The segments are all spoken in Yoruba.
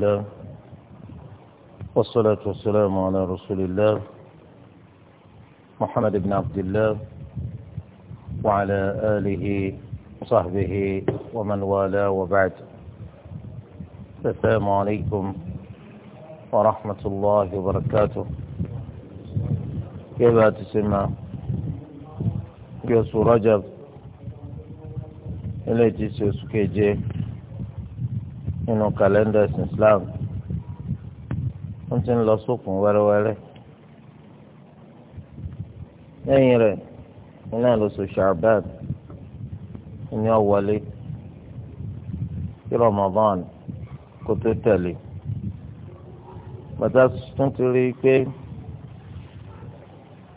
الله والصلاة والسلام على رسول الله محمد بن عبد الله وعلى آله وصحبه ومن والاه وبعد السلام عليكم ورحمة الله وبركاته كيف تسمى يسو رجب إليتي كي كيجي nínú kàlẹ́ndà ẹ̀sìn Islam wọ́n ti ń lọ sókun wẹ́rẹ́wẹ́rẹ́ lẹ́yìn rẹ̀ iná ló so Sha'ban ní ọ̀wọ́lé kí Ramadan kó tó tẹ̀lé bàtà tún ti rí i pé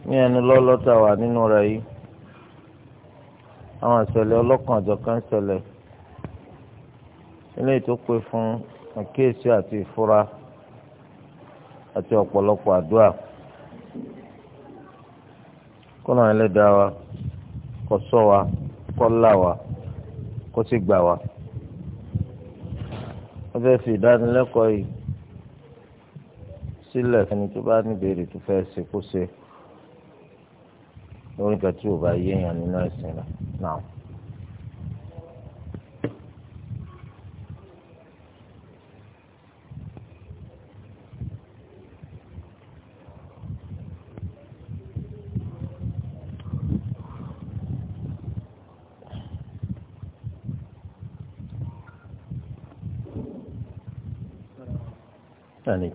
ní ẹnu lọ́lọ́ta wà nínú rẹ̀ yìí àwọn ìṣẹ̀lẹ̀ ọlọ́kan àjọkan ṣẹlẹ̀ ilé tó pè fún àkíyèsí àti ìfura àti ọ̀pọ̀lọpọ̀ àdúrà kọ́nà ẹlẹ́dàá wa kó ṣọ́ wa kó là wa kó sì gbà wa. wọ́n fẹ́ fi ìdánilẹ́kọ̀ọ́ yìí sílẹ̀ fẹ́ni tó bá níbèrè tó fẹ́ ṣe kó ṣe lórí ìgbà tí ò bá yéèyàn nínú ẹ̀sìn náà.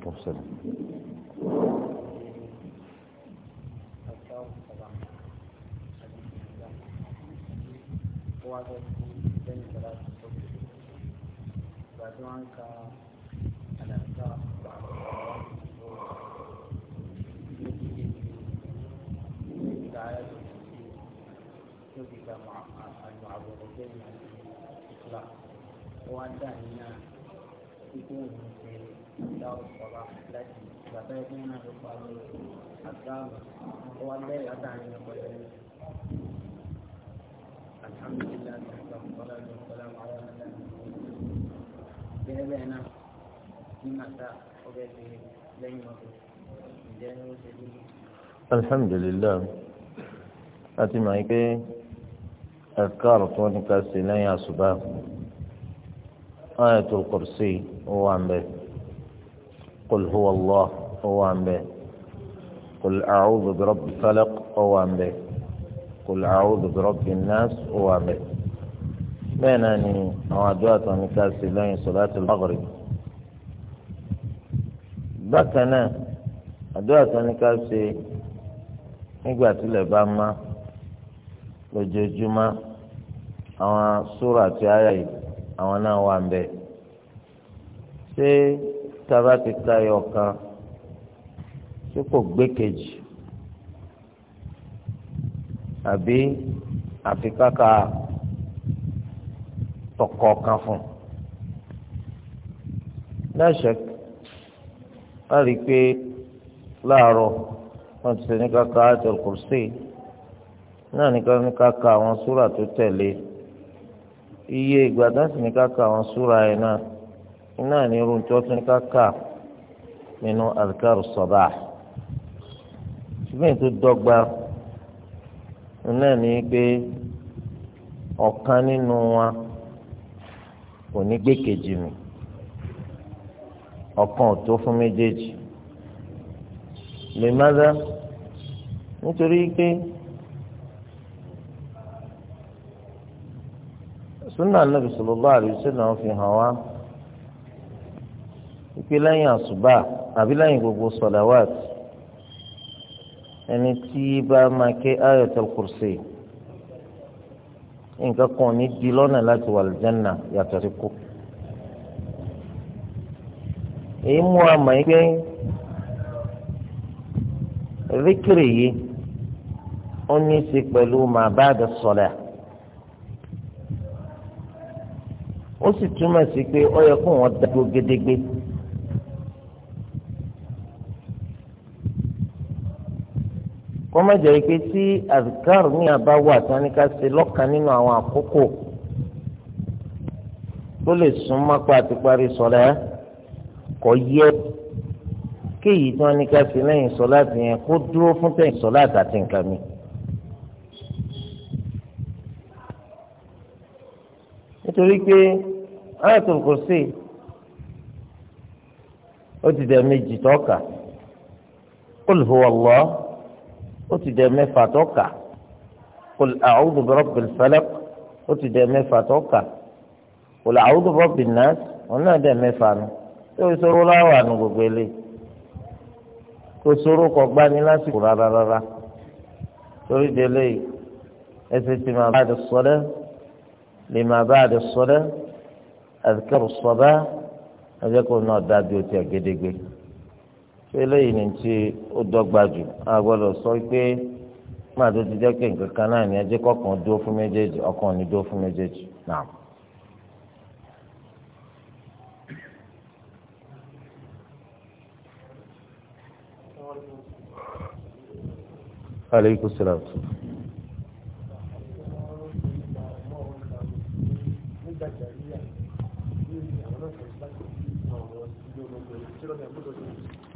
pour ça wa bẹ́ẹ̀ látàrí ẹ̀kọ́ yẹn alhamdulilayi alhamdulilayi alhamdulilayi alhamdulilayi bẹ́ẹ̀ bẹ́ẹ̀ náà ní màtá ọbẹ̀ ti lẹ́yìn ọdún pé ẹ̀ka ọ̀rọ̀ ní ká ṣe lẹ́yìn àṣùbà Ayatul Kursi ó wà ń bẹ̀ Qul ó wà ń bẹ̀. قل أعوذ برب الفلق هو به قل أعوذ برب الناس هو به بين أني أواجهت ونكاسي صلاة المغرب بكنا أدوات ونكاسي nígbà tí ilẹ̀ أو má lójoojúmọ́ àwọn sóra àti àyà yìí àwọn tí kò gbé kejì àbí àfikáka tọkọ kan fún lẹ́sẹ̀ a pé láàárọ̀ wọ́n ti ní kaka ayatul kursi náà ní kaka àwọn súrà tó tẹ̀lé iye ìgbà tó sì ní kaka àwọn súrà yẹn náà iná ní irun tó tún kaka nínú azkar sabah. ṣùgbọ́n ètò dọ́gba náà ni pé ọ̀kan nínú wa kò ní gbé kejì mi ọ̀kan ò tó fún méjèèjì lè má dá nítorí pé súnà nàbì wá àṣùbà àbí lẹ́yìn gbogbo sọ̀làwàtì. ẹni tí bá máa ké ayatul kursi nǹkan kan ní di lọ́nà láti wà lùjánà yàtọ̀ sí kú. èyí mú wa mọ̀ pé ríkìrì yìí ó ní í ṣe pẹ̀lú màá bá àdé sọ̀rọ̀ ó sì túmọ̀ sí pé ó yẹ kó wọ́n dágbó gédégbé. kó má jẹ́ pé tí azkar ní àbá wà tán ní ká ṣe lọ́kàn nínú àwọn àkókò tó lè sún mọ́pá àti parí sọ̀lá kò yẹ kéyìí tí wọ́n ní ká ṣe lẹ́yìn sọ̀lá ti yẹn kó dúró fún tẹ̀yìn sọ̀lá àti nǹkan mi. nítorí pé Ayatul Kursi ó ti dẹ̀ méjì tọ́ka Qul Allah ó ti dẹ mẹ́fà tó kà kul a'udhu bi rabbil falaq ó ti dẹ mẹ́fà tó kà kul a'udhu bi rabbin nas òun náà dẹ mẹ́fà nù tó ìṣòro láwà nù gbogbo eléyìí kò ṣòro kọ gbani lásìkò rárá rárá torí délé ẹsẹ tí màá bá a di sọdẹ lè màá bá a di sọdẹ àdìkẹrù sọdá ẹjẹ kò náà dábìí ó ti àgédégbé ṣé eléyìí ni ti ó dọ́gba jù a gbọ́dọ̀ sọ pé máa tó ti jẹ́ pé nǹkan kan náà ní ẹjẹ́ kọ̀ọ̀kan dúró fún méjèèjì ọkàn ní dúró fún méjèèjì náà. aleykum salaam.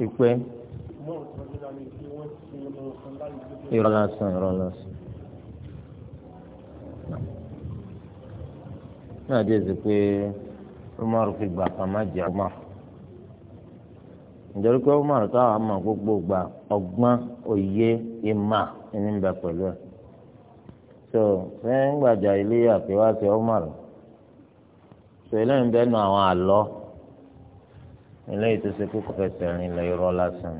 ìpè irọ́ lásán irọ́ lásán náà dé sí pé Umar fi gbà kan má jẹ Umar nítorí pé Umar táwọn àmọ́ gbogbo gbà ọgbọ́n òye ìmà ẹni bẹ pẹ̀lú ẹ̀ so sẹ́yìn gbàjà ilé àpéwá ti Umar so eléyìí bẹ́ẹ̀ nu àwọn àlọ́ eléyìí tó ṣe kókò fẹsẹ̀ rìn lẹ irọ́ lásán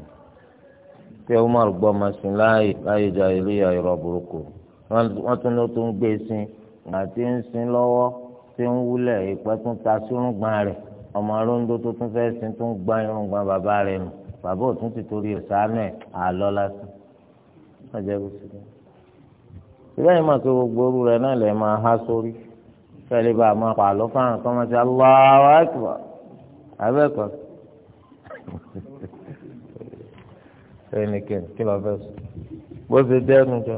pé Umar gbọ́ ọmọ sí láàyè láàyè jà iléyà irọ́ burúkú wọ́n tún ló tún gbé sin ìgbà tí ń sin lọ́wọ́ tí ń wúlẹ̀ ìpẹ́ tún ta sírùngbọ̀n rẹ̀ ọmọ aróńdó tó tún fẹ́ sin tún gbá irùngbọ̀n bàbá rẹ̀ nù bàbá òtún ti torí ìsánú ẹ̀ àlọ́ lásán ọjọ́ bó máa tó gbogbo orú rẹ̀ náà lè máa há sórí fẹ́ẹ́ bá a máa pààlọ́ fáwọn kan máa ti aláwọ̀ àkùrọ̀ ẹnikẹ́ni kí ló fẹ́ sọ bó ṣe dẹ́nu jọ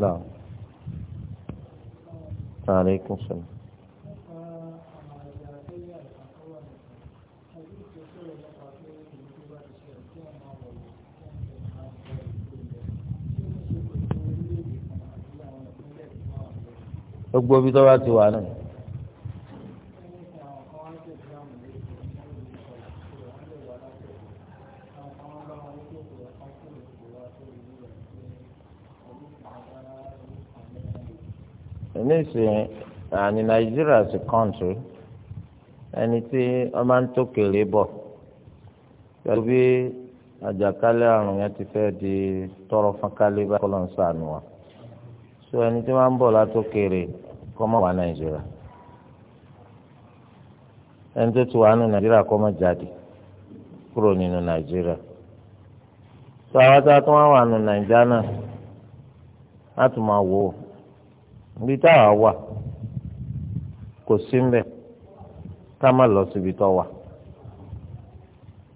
nà sàlẹ́kùn sọ̀rọ̀. gbogbo bí tọ́wá ti wà náà nísìnyí àní Nàìjíríà is a country ẹni tí wọ́n máa ń tó kéré bọ̀ pẹ̀lú bí àjàkálẹ̀ àrùn yẹn ti fẹ́ di tọrọ fọ́nkálẹ̀ bá kọ́lọ̀ ń sànù wa so ẹni tí wọ́n ń bọ̀ látó kéré kọ́ mọ̀ wá Nàìjíríà ẹni tó ti wà nù Nàìjíríà kọ́ mọ̀ jáde kúrò nínú Nàìjíríà so àwọn tí wọ́n wà nù Nàìjíríà náà láti máa wò ó ibi tá a wà kò sí mbẹ ká má lọ síbi tó wà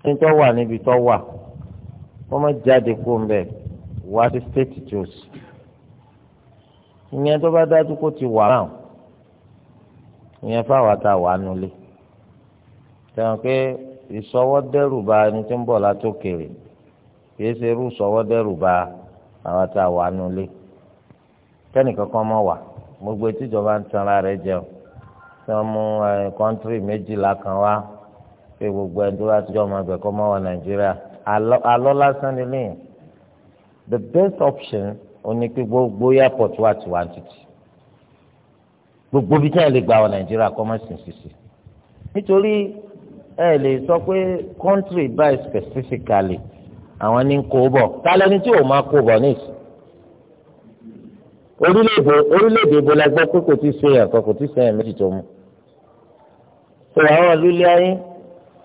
nítorí wà níbi tó wà wọ́n má jáde kó mbẹ wá sí state church ìyẹn tó bá dájú kó ti wà náà ìyẹn fáwọn ata wà nulẹ̀ tẹ̀wọ̀n pé ìsọwọ́dẹ́rù bá ẹni tó ń bọ̀ látòkèrè kìí ṣe irú ìsọwọ́dẹ́rù bá àwọn ata wà nulẹ̀ tẹ́nìkan kan mọ̀ wà gbogbo tíjọba ń tanra rẹ̀ jẹun tí wọ́n mú kọ́ńtírì méjìlá kan wá pé gbogbo ẹni tó bá tíjọ́ máa gbẹ̀ kọ́ mọ́ wọ nàìjíríà alọ́ lásán ni lẹ́yìn the best option òní pé gbogbo airport wà tiwa títì gbogbo bí táyà lè gba wọ nàìjíríà kọ́ mọ́ sísìsì nítorí ẹ lè sọ pé kọ́ńtírì báyìí specifically àwọn ní kó bọ̀ tálẹ́ni tí ò máa kó bọ̀ nísìnyí orílẹ̀-èdè orílẹ̀-èdè ibo la gbọ́ pé kò ti ṣe ẹ̀kọ́ kò ti ṣe ẹ̀ méjì tó mú. sọ àwọn lílé ayé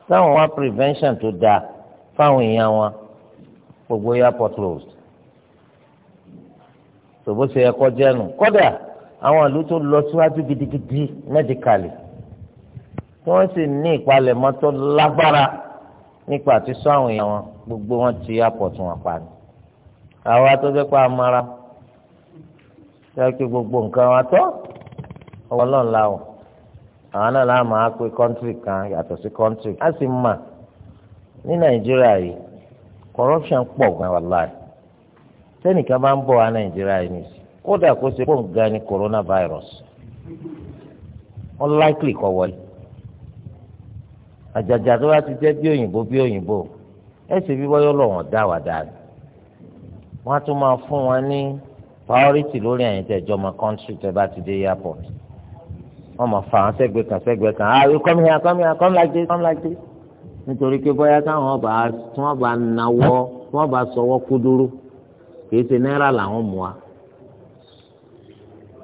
táwọn wá prevention tó dáa fáwọn èèyàn wọn gbogbo airport closed. tòbó ṣe ẹ̀kọ́ jẹ́nu kódà àwọn ìlú tó lọ síwájú gidigidi medically. tí wọ́n sì ní ìpalẹ̀mọ́ tó lágbára nípa àti sọ àwọn èèyàn wọn gbogbo wọn ti airport wọn pa ni. àwa tó fẹ́ pa amara. sẹ́kì gbogbo nǹkan wa tọ́ ọwọ́ náà la o àwọn náà la máa pé kọ́ńtìrì kan yàtọ̀ sí kọ́ńtìrì a sì mà ní nàìjíríà yìí corruption pọ̀ gan wàláì sẹ́nìkan bá ń bọ̀ wá nàìjíríà yìí nìyí kódà kó ṣe pọ̀ gan ni coronavirus unlikely kọ́ wọlé àjàjà tó bá ti jẹ́ bí òyìnbó bí òyìnbó ẹ̀ ṣe bí lọ́wọ́n dá dáa wọ́n á tún priority lórí ẹ̀yin tẹ̀ jọmọ country tẹ̀ bá ti dé airport wọ́n mọ̀ fà án sẹ́gbẹ̀ẹ́ kan sẹ́gbẹ̀ẹ́ kan ah you come here come here come like this come like this nítorí pé bóyá táwọn ọba tí wọ́n bá nawọ́ tí wọ́n bá sọwọ́ kúdúrú kìí ṣe náírà làwọn mú wa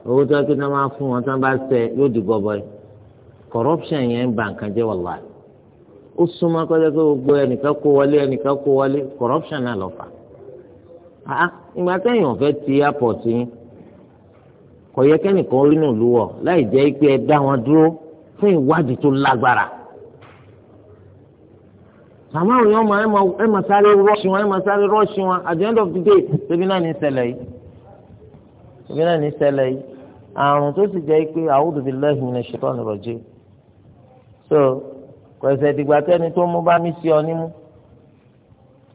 owó tí wọ́n kí wọ́n máa fún wọn tí wọ́n bá ṣe yóò di gọbọi corruption yẹn ń ba nǹkan jẹ́ wàlá ó súnmọ́ kọ́jọ́ pé gbogbo ẹnìkan kó wọlé ẹnìkan kó wọlé corruption náà lọ fà á ah, ìgbà tẹ́yìn ọ̀fẹ́ ti airport yín kò yẹ kẹ́nìkan orí náà lù wọ̀ láì jẹ́ pé ẹ dá wọn dúró fún ìwádìí tó lágbára àmọ́ àwọn èèyàn máa ẹ máa sáré rọ́ọ̀ṣì wọn ẹ máa sáré rọ́ọ̀ṣì wọn at the end of the day ṣebí náà ní ṣẹlẹ̀ yìí ṣebí náà ní ṣẹlẹ̀ yìí àrùn tó sì jẹ́ pé a'udhu billahi minash shaitani rajim so kò ẹ̀sẹ̀ ìdìgbà tẹ́ni tó mú bá mí sí ọ nímú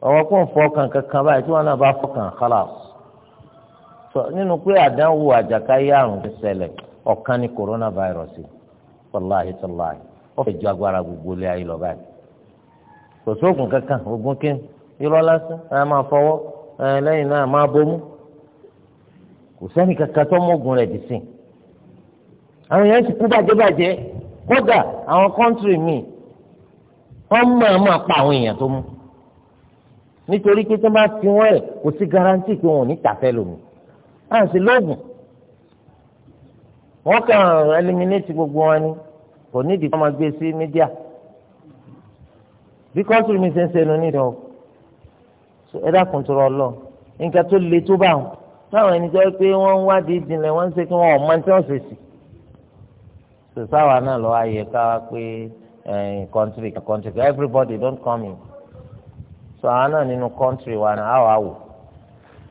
ọwọ́ kò ń fọkàn kankan báyìí tí wọ́n náà bá fọkàn kálàs sọ nínú pé àdánwò àjàkáyé àrùn ti ṣẹlẹ̀ ọ̀kan ní coronavirus wàláhi tàláhi ó fẹ́ ju agbára gbogbo ilé ayé lọ báyìí kò sóògùn kankan oògùn kí irọ́ lásán ẹ máa fọwọ́ ẹ lẹ́yìn náà máa bomú kò sẹ́ni kankan tó mọ́gun rẹ̀ dì sí àwọn yẹn ti kú bàjẹ́bàjẹ́ kódà àwọn kọ́ńtìrì míì wọ́n mọ̀ ọ́n máa pa àwọn èèyàn tó mú nítorí pé tó bá fi wọ́n ẹ̀ kò sí garanti pé wọn ò ní tàfẹ́ lómi à ń ṣe lóògùn wọ́n kàn eliminate gbogbo wọn ni kò nídìí kó máa gbé sí mídíà bí kọ́ńtùrù mi ṣe ń ṣẹnu nídìí o ẹ dákun tó rọ lọ nǹkan tó le tó bá wọn táwọn ẹni tó yẹ pé wọ́n ń wádìí ìdìnnà wọ́n ń ṣe kí wọ́n ọ̀ máa ń tẹ́ ọ̀sẹ̀ sí sòsáwà náà lọ́wọ́ ayẹ ká wá pé kọ́ńtùrì eh, kọ́ńtùrì everybody don't come in sọ àwọn náà nínú kọ́ńtìrì wa náà àwọn àwò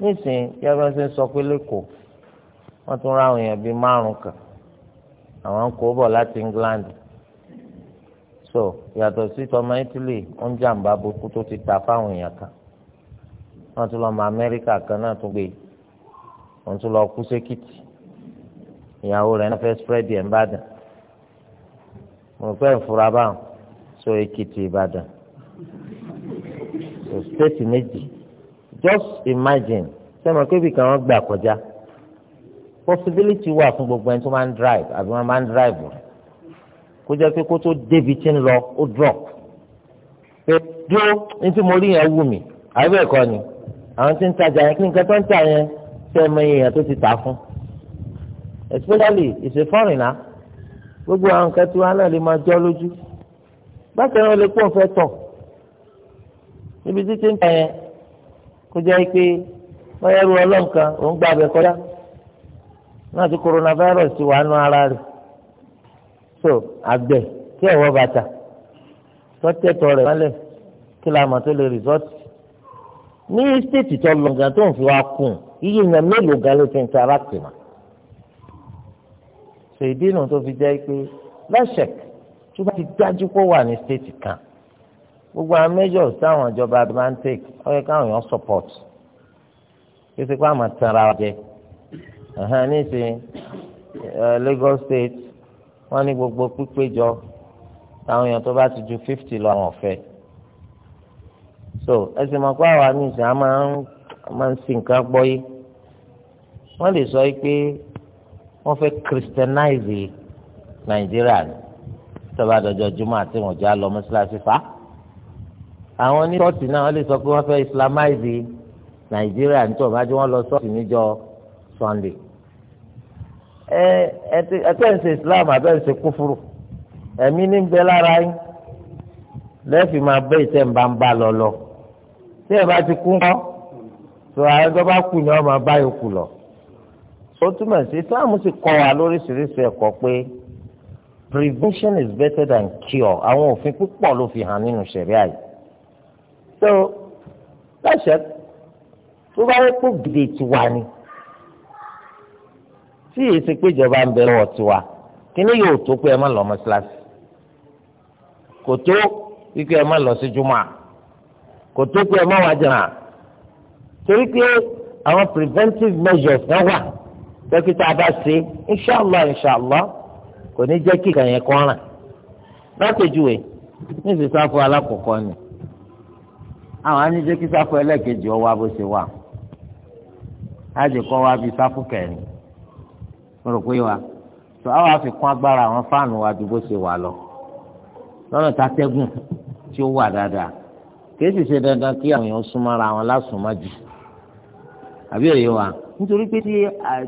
nísìnyí yẹ́bẹ́ ṣe ń sọ pé lẹ́kọ̀ọ́ wọ́n tún ra àwọn èèyàn bíi márùn kan àwọn kò bọ̀ láti England so yàtọ̀ sí tọmọ Italy ó ń jàǹbá burúkú tó ti ta fáwọn èèyàn kan wọ́n tún lọ mọ Amẹ́ríkà kan náà tún gbé wọ́n tún lọ kú sékìtì ìyàwó rẹ̀ náà fẹ́ spread ẹ̀ ń bàdàn mo fẹ́ ìfura báwọn so Èkìtì Ìbàdàn so state méjì just imagine sẹ́mi pé ibìkan wọ́n gbà kọjá possibility wà fún gbogbo ẹni tó máa ń drive àbí wọ́n máa ń drive kó jẹ́ pé kó tó débi tí ń lọ ó drop pé dúró ní tí mo rí yẹn wù mí àbí ẹ̀kọ́ ni àwọn tí ń tajà yẹn kí nǹkan tó ń tà yẹn sẹ́mi èèyàn tó ti tà fún especially ìṣèfọ́rìnà gbogbo àwọn nǹkan tí wọ́n á náà lè máa jọ́ lójú bákan náà lè pọ̀ fẹ́ tọ̀ níbi títí ń pẹ́ kó jẹ́ pé wọ́n yẹ́rù ọlọ́run kan òun gba abẹ kọjá náà tí coronavirus ti wà nù ara rẹ̀ so àgbẹ̀ tí ẹ̀wọ́ bàtà tọ́tẹ̀tọ̀ rẹ̀ mọ́lẹ̀ kí la mọ̀ tó lè rìsọ́ọ̀tì ní stéètì tó lọ gan tó ń fi wá kùn iye èèyàn mélòó gan ló ti ń interact mà so ìdí nu tó fi jẹ́ pé lọ́sẹ̀k tó bá ti dájú kó wà ní stéètì kan gbogbo àwọn measures táwọn ìjọba atlantic ó yẹ káwọn èèyàn support kí ṣe pé àmọ́ tara jẹ ní ṣe Lagos state wọ́n ní gbogbo pípéjọ táwọn èèyàn tó bá ti ju fifty lọ àwọn ọ̀fẹ́ so ẹsẹ̀ mọ̀ pé àwa ní ìsìn a máa ń máa ń sin nǹkan gbọ́ yìí wọ́n lè sọ pé wọ́n fẹ́ christianize nàìjíríà ní tọ́ba dọjọ́ jùmọ̀ àti ìwọ̀njẹ́ àlọ́ mọ́ṣáláṣí fa àwọn ní ṣọ́ọ̀tì náà wọ́n lè sọ pé wọ́n fẹ́ islamize nàìjíríà nítorí wọ́n bá jẹ́ wọ́n lọ ṣọ́ọ̀tì níjọ sunday ẹ ẹ tẹ́ ń ṣe islam àbẹ́ ń ṣe kúfúrú ẹ̀mí ní ń bẹ lára yín lẹ́ẹ̀fì máa bẹ́ ìtẹ́ ń bá ń bá lọ lọ tí ẹ bá ti kú ńkọ́ tó àwọn tó bá kú ni wọ́n máa bá yòókù lọ. ó túmọ̀ sí islam sì kọ́ wa lóríṣiríṣi ẹ̀kọ́ pé prevention is better than cure àwọn òfin púpọ̀ ló fi hàn nínú ṣẹ̀ríà yìí tó lọ́sẹ̀ tó bá yẹ kó gèdè tiwa ni tí èsì péjọba ń bẹ lọ́wọ́ tiwa kíní yóò tó pé ẹ má lọ mọ́ṣáláṣí kò tó ikú ẹ má lọ sí jùmọ̀ kò tó pé ẹ má wá jìnnà torí pé àwọn preventive measures náà wà dókítà bá ṣe inṣàlá inṣàlá kò ní jẹ́ kí ìkànnì kan ràn látòjúwe ní ìsìsáfù alákọ̀ọ́kọ́ ni àwọn anijẹ́ kí sáfù ẹlẹ́ẹ̀kejì ọwọ́ abó ṣe wà ájì kọ́ wa bíi sáfù kẹrin rò pé wa tó àwọn àfikún agbára àwọn fáànù wa ju bó ṣe wà lọ lọ́nà tàtẹ́gùn tí ó wà dáadáa kì í sì ṣe dandan kí àwọn èèyàn súnmọ́ra àwọn lásùnmájì àbí òye wa nítorí pé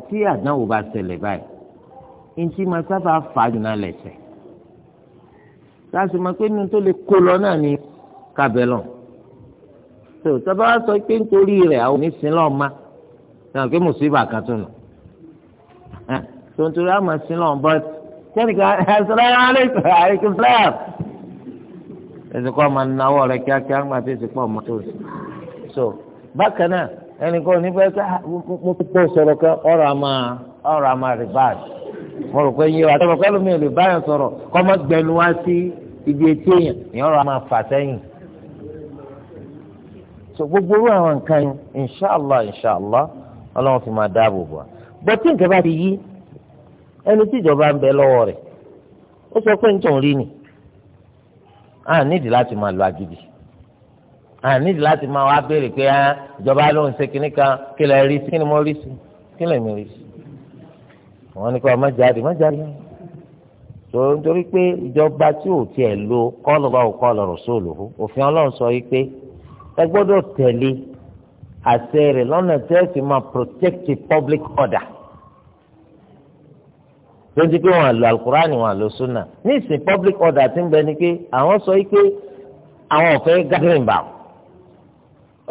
tí àdánwò bá ṣẹlẹ̀ báyìí ntí máa sábà fàájú náà lẹ̀sẹ̀ láti máa pé nínú tó lè kó lọ náà ní kábẹ́lọ̀n so tọ́ba wá sọ pé nítorí rẹ̀ àwọn lọ́ọ́ ma sọ pé mùsùlùmí kan tó nù tó àmọ̀ sí lọ́ọ́ bọ́ sẹ́nìkan ẹ̀sọ́láyà aleikum aleikum salam ẹ̀sìnkọ́ ọmọ náwó rẹ̀ kíákíá so bákan náà ẹnìkan ò ní fẹ́ ká mo ọrụ pọ̀ sọ̀rọ̀ ọ̀rọ̀ àmà ọ̀rọ̀ àmà mo rò pé sọ̀rọ̀ so gbogbo irú àwọn nǹkan yìí inshàlá inshàlá ọlọ́run fi máa dáàbò bò wá bọ́tí nǹkan bá ti yí ẹni tí ìjọba ń bẹ lọ́wọ́ rẹ̀ ó sọ pé nítorí rí ni a nídìí láti máa lo agídí a nídìí láti máa wá béèrè pé ah, ìjọba ló ń ṣe kíní kan kí lè rí sí kí ni mo rí sí kí lè mi rí sí wọn ni kò má jáde má jáde tó nítorí pé ìjọba tí ò tiẹ̀ lo kọ́lọ̀ bá ò kọ́lọ̀ sóòlù òfin ọlọ́run sọ yìí pé ẹ gbọ́dọ̀ tẹ̀lé àṣẹ rẹ̀ lọ́nà tẹ́ ẹ sì máa protect the public order lójú pé wọn àlò alukurani wọn àlò sunna ní ìsìn public order ti ń bẹ ni pé àwọn sọ pé àwọn ò fẹ́ gathering bá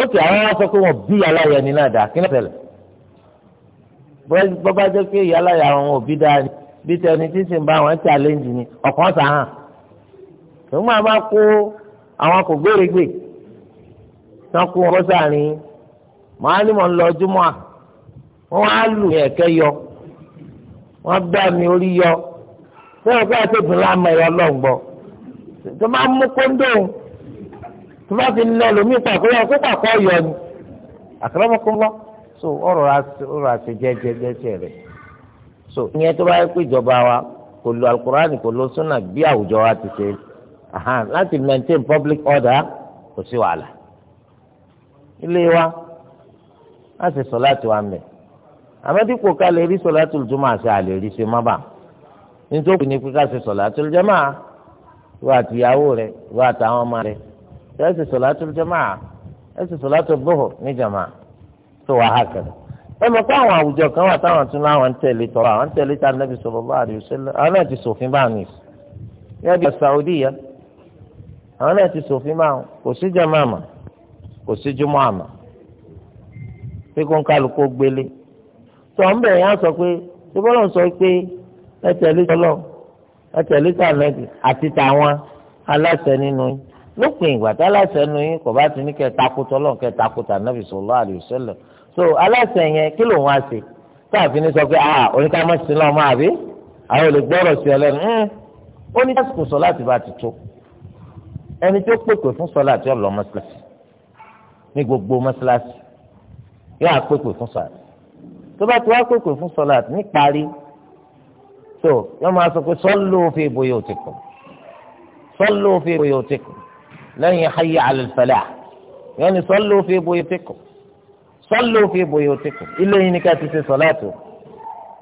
ó kì àwọn wọn sọ pé wọn bí aláya ni náà dá kí náà tẹ̀lé bọ́ bá jẹ́ pé ìyá aláya àwọn òbí dáa ni bí tẹni tí sì ń bá wọn challenge ni ọ̀kan sàn án. tòun máa máa kó àwọn kò gbèrègbè. tán kú wọn sàárín màá ní mò lọ à á lù mí yọ wọn gbá mi orí yọ sẹ́wọ̀n pé àti ìdùnnú àmọ́ ẹ̀rọ tó máa mú kóńdó tó bá fi nà lómi pàkó yọ kó pàkó yọ ni so so ìyẹn tó bá yẹ kó ìjọba wa kò alukurani kò sunna bí àwùjọ wa ti ṣe láti maintain public order kò sí wàhálà ilé wa á sì sọ láti wà mẹ́ àmọ́ dípò ká lè rí sọ̀látù jùmọ̀ àti àlè rí ṣe má bà nítorí ní pé ká ṣe sọ̀látù jàmá wọ àtìyàwó rẹ wọ àtàwọn ọmọ rẹ ẹ ṣe sọ̀látù jàmá ẹ ṣe sọ̀látù duhur ní jàmá tó wà á kẹrẹ ẹ mọ̀ pé àwọn àwùjọ kan wà táwọn tún láwọn ń tẹ̀lé tọ́ra àwọn ń tẹ̀lé tá nàbì sallallahu alaihi wasallam àwọn náà ti ṣòfin bá mi yẹ́n bí Saudiya àwọn náà ti bá wọn kò kò sí júmọ́ àmọ́ pé kó ń kálukú gbélé tó ń bẹ̀rẹ̀ yẹn á sọ pé tí bọ́lá ń sọ pé ẹ tẹ̀lé tọ́lọ́ ẹ tẹ̀lé tàlẹ́ǹtì àti tàwọn aláṣẹ nínú yín lópin ìgbà tá aláṣẹ nínú yín kò bá ti ní kẹ́ takò tọ́lọ́ kẹ́ takò tànàbì sallallahu alaihi wasallam so aláṣẹ yẹn kí ló ń wá sí káàfin ní sọ pé ah oníkàmọ́sí náà máa bí àwọn olùgbọ́rọ̀ sí ọlẹ́nu hmm. ó ní kásìkò sọ láti bá ti tó ẹni tó pèpè fún sọ láti ọlọmọ sílẹ̀ ní gbogbo mọ́ṣáláṣí yóò àpèpè fún sọ̀lá tó bá ti wá pèpè fún sọ̀lá níparí tó yóò máa sọ pé sọ́lù fi ìbòyè òtí kù sọ́lù fi ìbòyè òtí kù lẹ́yìn hayya ala al-falah yóò ní sọ́lù fi ìbòyè òtí kù sọ́lù fi ìbòyè òtí kù ilé yìí ni ká ti ṣe sọ̀lá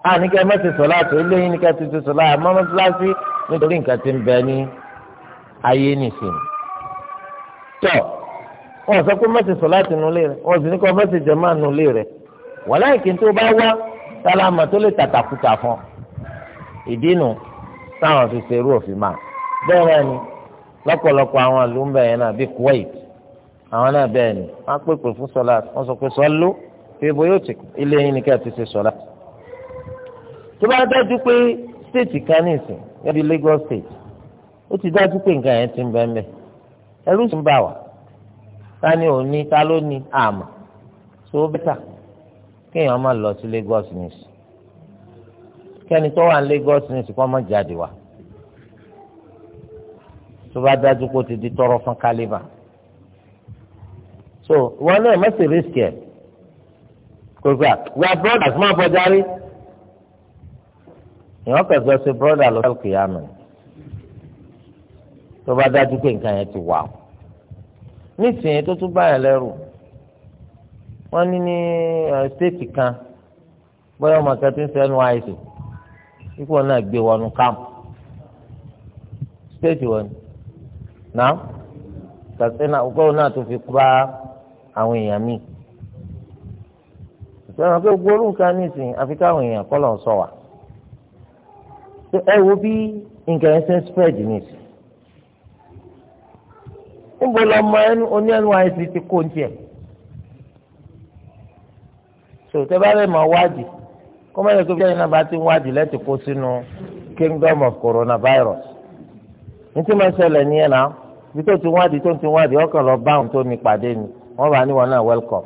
a ní ká má ṣe sọ̀lá ilé yìí ni ká ti ṣe sọ̀lá àmọ́ wọn sọ pé mẹsì sọ láti nulẹ rẹ wọn sì ní kọ mẹsì jẹmọ nulẹ rẹ wàláìkì tó bá wá sálámà tó lè tàtàkùtà fún ìdí nu táwọn fi ṣerú òfin máa bẹ́ẹ̀ náà ni lọ́pọ̀lọpọ̀ àwọn àlùmbẹ yẹn náà bíi Kuwait àwọn náà bẹ́ẹ̀ ni wọ́n pèpè fún sọlá wọ́n sọ pé sọlú fíbo yóò ti ilé yín ni kí ti ṣe sọlá. tó bá dájú pé stéètì kan ní ìsìn yẹn Lagos state ó ti dájú pé nǹkan yẹn ti ń bẹ́ẹ̀ mẹ́ ẹrú sì ń bà wá tani òní ta ló ní àmà tó bẹ́tà kéèyàn máa lọ sí Lagos news kẹ́ni tó wà ní Lagos news kọ́ mọ́ jáde wá tó bá dájú kó ti di tọrọ fún kálíbà so wọn náà má sì risk ẹ kókó à we are brothers má bọjá rí èèyàn kẹsàn-án ṣe brother lọ sí kìyàmù tó bá dájú pé nǹkan yẹn ti wà o. nísìnyí tó tún báyà lẹ́rù wọ́n ní ní stéètì kan bóyá ọmọ kan ti ń sẹ́nu àìsàn ikú wọn náà gbé wọnú kámpu stéètì wọn náà kàtẹ́nà ọgọ́rùn náà tó fi kúrá àwọn èèyàn míì ìṣẹ́wọ̀n pé gbóró nǹkan nísìnyí àfi káwọn èèyàn kọ́ lọ́n sọ wà ẹ wo bí nǹkan ẹ̀ ń sẹ́ spread nísìnyí níbo lọmọ oní nysc ti kó ń tiẹ̀ sòtẹ́ bá lè máa wádìí kọ́mọ́lẹ̀ tó bí ẹ̀yin náà bá ti ń lẹ́tì kó sínú kingdom of coronavirus nítorí máa ń ṣẹlẹ̀ nìyẹn náà bí tó ti wádìí tó ti wádìí ọkàn lọ bá òun tó ní pàdé ni wọ́n bá níwọ̀n náà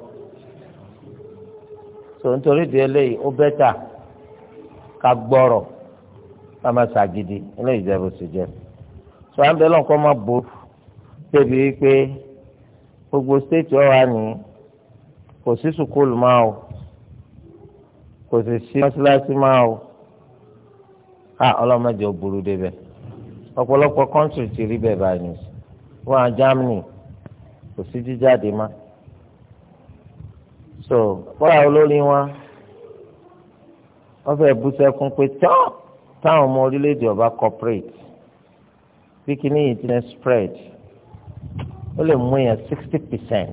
so nítorí di eléyìí ó bẹ́tà ká gbọ́rọ̀ ká máa ṣàgídí eléyìí jẹ́ bó ṣe so débi wípé gbogbo stéètì ọ̀wá ni kò sí sùkúlù máa o kò sì sí mọ́ṣáláṣí máa o a ah, ọlọ́mọdé ò burú débẹ̀ ọ̀pọ̀lọpọ̀ kọ́ńtì ti rí bẹ́ẹ̀ báyìí wọ́n á Germany kò sí jíjáde má so bọ́lá olórí wọn wọ́n fẹ́ bú sẹ́kún pé tán táwọn ọmọ orílẹ̀-èdè ọba corporate bí kinní yìí ti ń spread ó lè mú yẹn sixty percent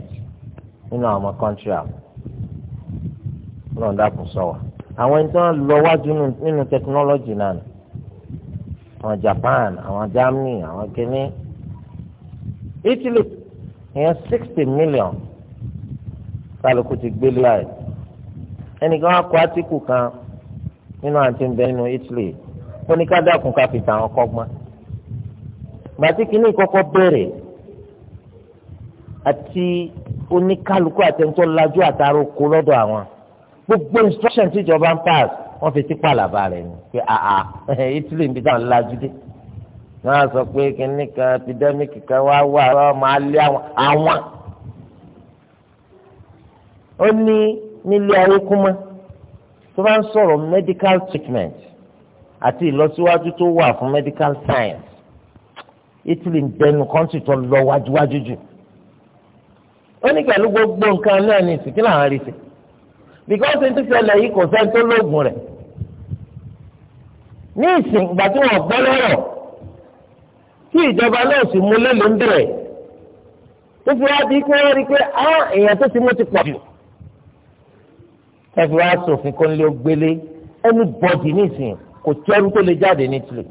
nínú àwọn kọ́ńtì àwọn lọ́ọ̀dà kò sọ̀wọ́ àwọn ẹni tí wọ́n lọ wájú nínú tẹkinọ́lọ́jì náà àwọn Japan àwọn Germany àwọn Kenya Italy ìyẹn sixty million kálukú ti gbélé àyè ẹnìkan wá kọ átíkù kan nínú àti bẹ nínú Italy ó ní ká dákun ká fi tàwọn kọ́gbọ́n gbàtí kínní kọ́kọ́ bẹ̀rẹ̀ àti oníkálukú àtẹnutọ́ lajú àtàrà oko lọ́dọ̀ àwọn gbogbo instruction tí ìjọba ń pass wọ́n fi tipa làbà rẹ̀ ni pé àà Italy níbi táwọn lajú dé wọ́n á sọ pé kínní kan epidemic kan wá wà wọ́n máa lé àwọn. ó ní nílé ayé kúmọ́ tó bá ń sọ̀rọ̀ medical treatment àti ìlọsíwájú tó wà fún medical science Italy ń dẹnu kọ́ńtì tó lọ wájúwájú jù. Wájú ó ní pẹ̀lú gbogbo nǹkan náà ní ìsìnkí làwọn rí sí because ní sísẹlẹ̀ yìí kò sẹ́ni tó lóògùn rẹ̀ ní ìsìn ìgbà tí wọ́n gbọ́ lọ́rọ̀ tí ìjọba náà sì mú lélo ń bẹ̀rẹ̀ tó fi wá di pé wọ́n rí pé àwọn èèyàn tó ti mú ti pọ̀ jù ẹ̀fọ́ wa sòfin kó lé gbélé ẹnu bọ́dì ní ìsìn kò tẹ́rù tó lè jáde ní tìlù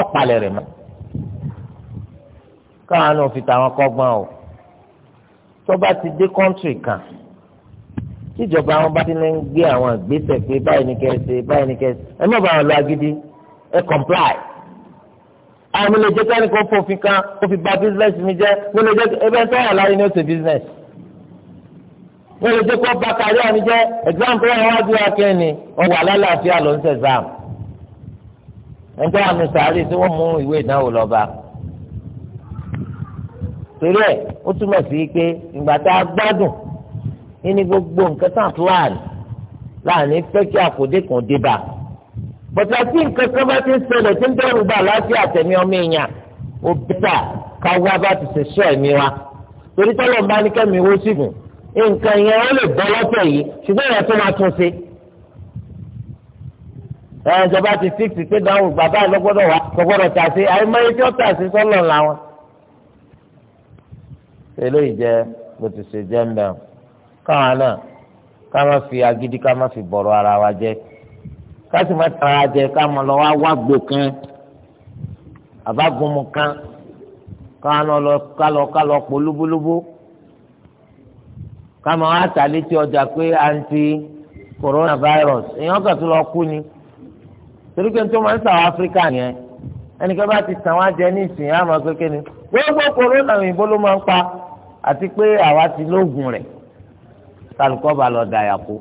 ọ̀pàlẹ̀ rẹ̀ mọ́ káwọn náà fi tàwọn kọ́gbọ́n o tó bá ti dé kọ́ńtì kan tíjọba àwọn bá ti lè ń gbé àwọn ìgbésẹ̀ pé báyìí ni kẹ́ ẹ ṣe báyìí ni kẹ́ ẹ ṣe ẹ má bàa lọ agídí ẹ comply. àwọn ilé jẹ́ kẹ́ni kan fòfin kan kó fi bà business mi jẹ́ wọ́n lè jẹ́ ẹbẹ̀ sọ́yà láyé ní oṣù business. wọ́n lè jẹ́ kó bà kárí àmì jẹ́ exam tó wà wájú wa kẹ́ni ọ̀wà lálàáfíà ló ń ṣe exam. ẹ̀ńtọ́ àmì sàárì tí wọ́n mú ìwé ìdánwò lọ bá a torí ẹ̀ ó túmọ̀ sí pé ìgbà tá a gbádùn nínú gbogbo nǹkan tá a plan láàrin fẹ́ kí àkòdé kan dé bá bọ̀tà tí nǹkan kan bá ti ń ṣẹlẹ̀ tí ń dẹ́rù bá láti àtẹ̀mí ọmọ èèyàn ó bẹ́tà káwá bá ti ṣe sọ ẹ̀mí wa torí tọ́lọ̀ bá ní kẹ́mi wó sí nǹkan yẹn wọ́n lè bọ́ lọ́tọ̀ yìí ṣùgbọ́n ìyẹn tó máa tún ṣe ẹ̀ ìjọba ti fíìsì pé dáhùn bàbá ìlọ́gbọ́dọ̀ wà eléyìí jẹ́ bó ti ṣe jẹ́ ń káwọn má fi agidi ká má fi bọ̀rọ̀ ara wa jẹ́ ká sì má tara jẹ ká mọ lọ wá wá gbò kan àbágunmu kan ká lọ ká lọ ká lọ pọ̀ lóbólóbó ká mọ àtàlẹ́ ọjà pé coronavirus èèyàn kan lọ kú ni torí pé tó máa ń sàwọn áfíríkà yẹn ẹnikẹ́ni bá ti tàn wá jẹ ní ìsìn àmọ́ kékeré ni gbogbo corona òyìnbó ló máa ń pa àti pé àwa ti lóògùn rẹ̀ kálukọ́ bá lọ dàyà kó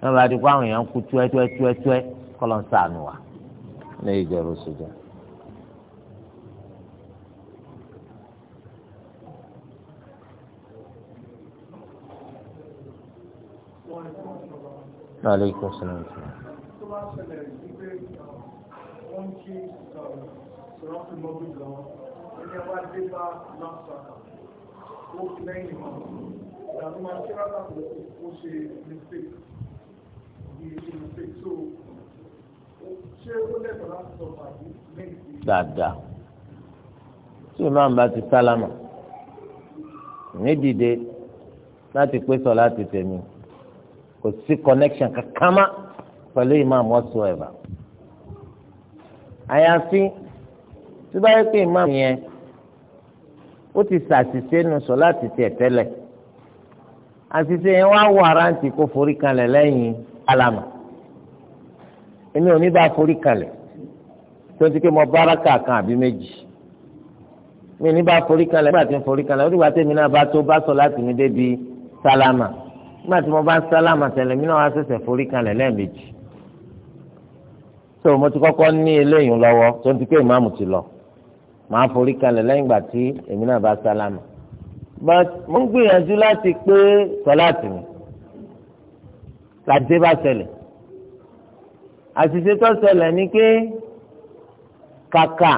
wọn bá di kó àwọn èèyàn kú tuẹ́ tuẹ́ tuẹ́ tuẹ́ kọ́lọ́ ń sànù wa ní ìjọba sójà. Aleykum Wọ́n ń ṣe sọ̀rọ̀ sọ̀rọ̀ fún mọ́bí Ẹni ẹ bá dé bá lọ́sọ̀rọ̀ ó lẹ́yìn mọ́ ìdààmú máa ṣe rárá lọ ó ṣe mistake bí ó ṣe mistake so ṣé ó lẹ́tọ̀ọ́ láti sọ pàdé lẹ́yìn tí. dáadáa tí ìmáàmù bá ti sálámà ní dìde láti pé sọ láti tèmi kò sí connection kankan pẹ̀lú ìmáàmù whatsoever àyàfi tí bá pé ìmáàmù yẹn ó ti ṣàṣìṣe nu sọ láti tiẹ̀ tẹ́lẹ̀ àṣìṣe yẹn wá wọ aráǹtì kó forí kalẹ̀ lẹ́yìn alama èmi ò ní bá forí kalẹ̀ tó ti ké mọ báraka kan àbí méjì mi ní bá forí kalẹ̀ nígbà tí mo forí kalẹ̀ ó dìgbà tèmi náà bá tó bá sọ láti mi débi sálámà nígbà tí mo bá sálámà tẹ̀lé mi náà wá ṣẹ̀ṣẹ̀ forí kalẹ̀ lẹ́ẹ̀mejì tó mo ti kọ́kọ́ ní eléyìí lọ́wọ́ tó ti ké ìmáàmù ti lọ màá forí kalẹ̀ lẹ́yìn ìgbà tí èmi náà bá sálámà but mo ń gbìyànjú láti pé sọláàtì mi làdé bá ṣẹlẹ̀ àṣìṣe tó ṣẹlẹ̀ ni pé kàkà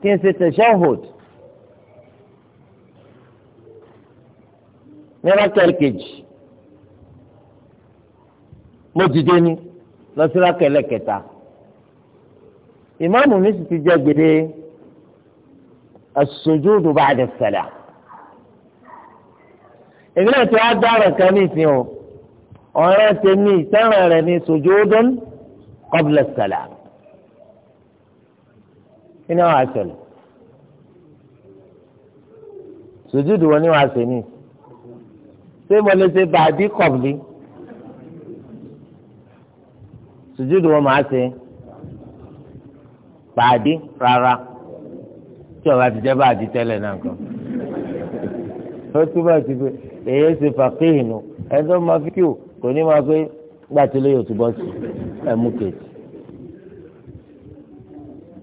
kí n ṣe tashahhud nira kẹrìkejì mo dìde ni lọ sí rákẹlẹ kẹta ìmáàmù mi sì ti jẹ gbèdé as-sujudu ba'da as-salam èmi náà ti wá dára kan ní ìsìn o ọ̀rẹ́ tèmi ìtẹ́ràn rẹ̀ ní sujudun qabla as-salam kí ni wàá ṣẹlẹ̀ sùjúdù wọn ni wàá ṣe ní ṣé mo lè ṣe bàdí kọ̀ọ̀lì sùjúdù wọn màá ṣe bàdí rárá tí ọba ti jẹ́ bá àti tẹ́lẹ̀ náà kan ó túbọ̀ sí pé èyí ṣe fàkíhì nù ẹjọ́ máa fi kíw kò ní máa pé gbà tí lóye òtún bọ́ sí ẹ̀mú kejì.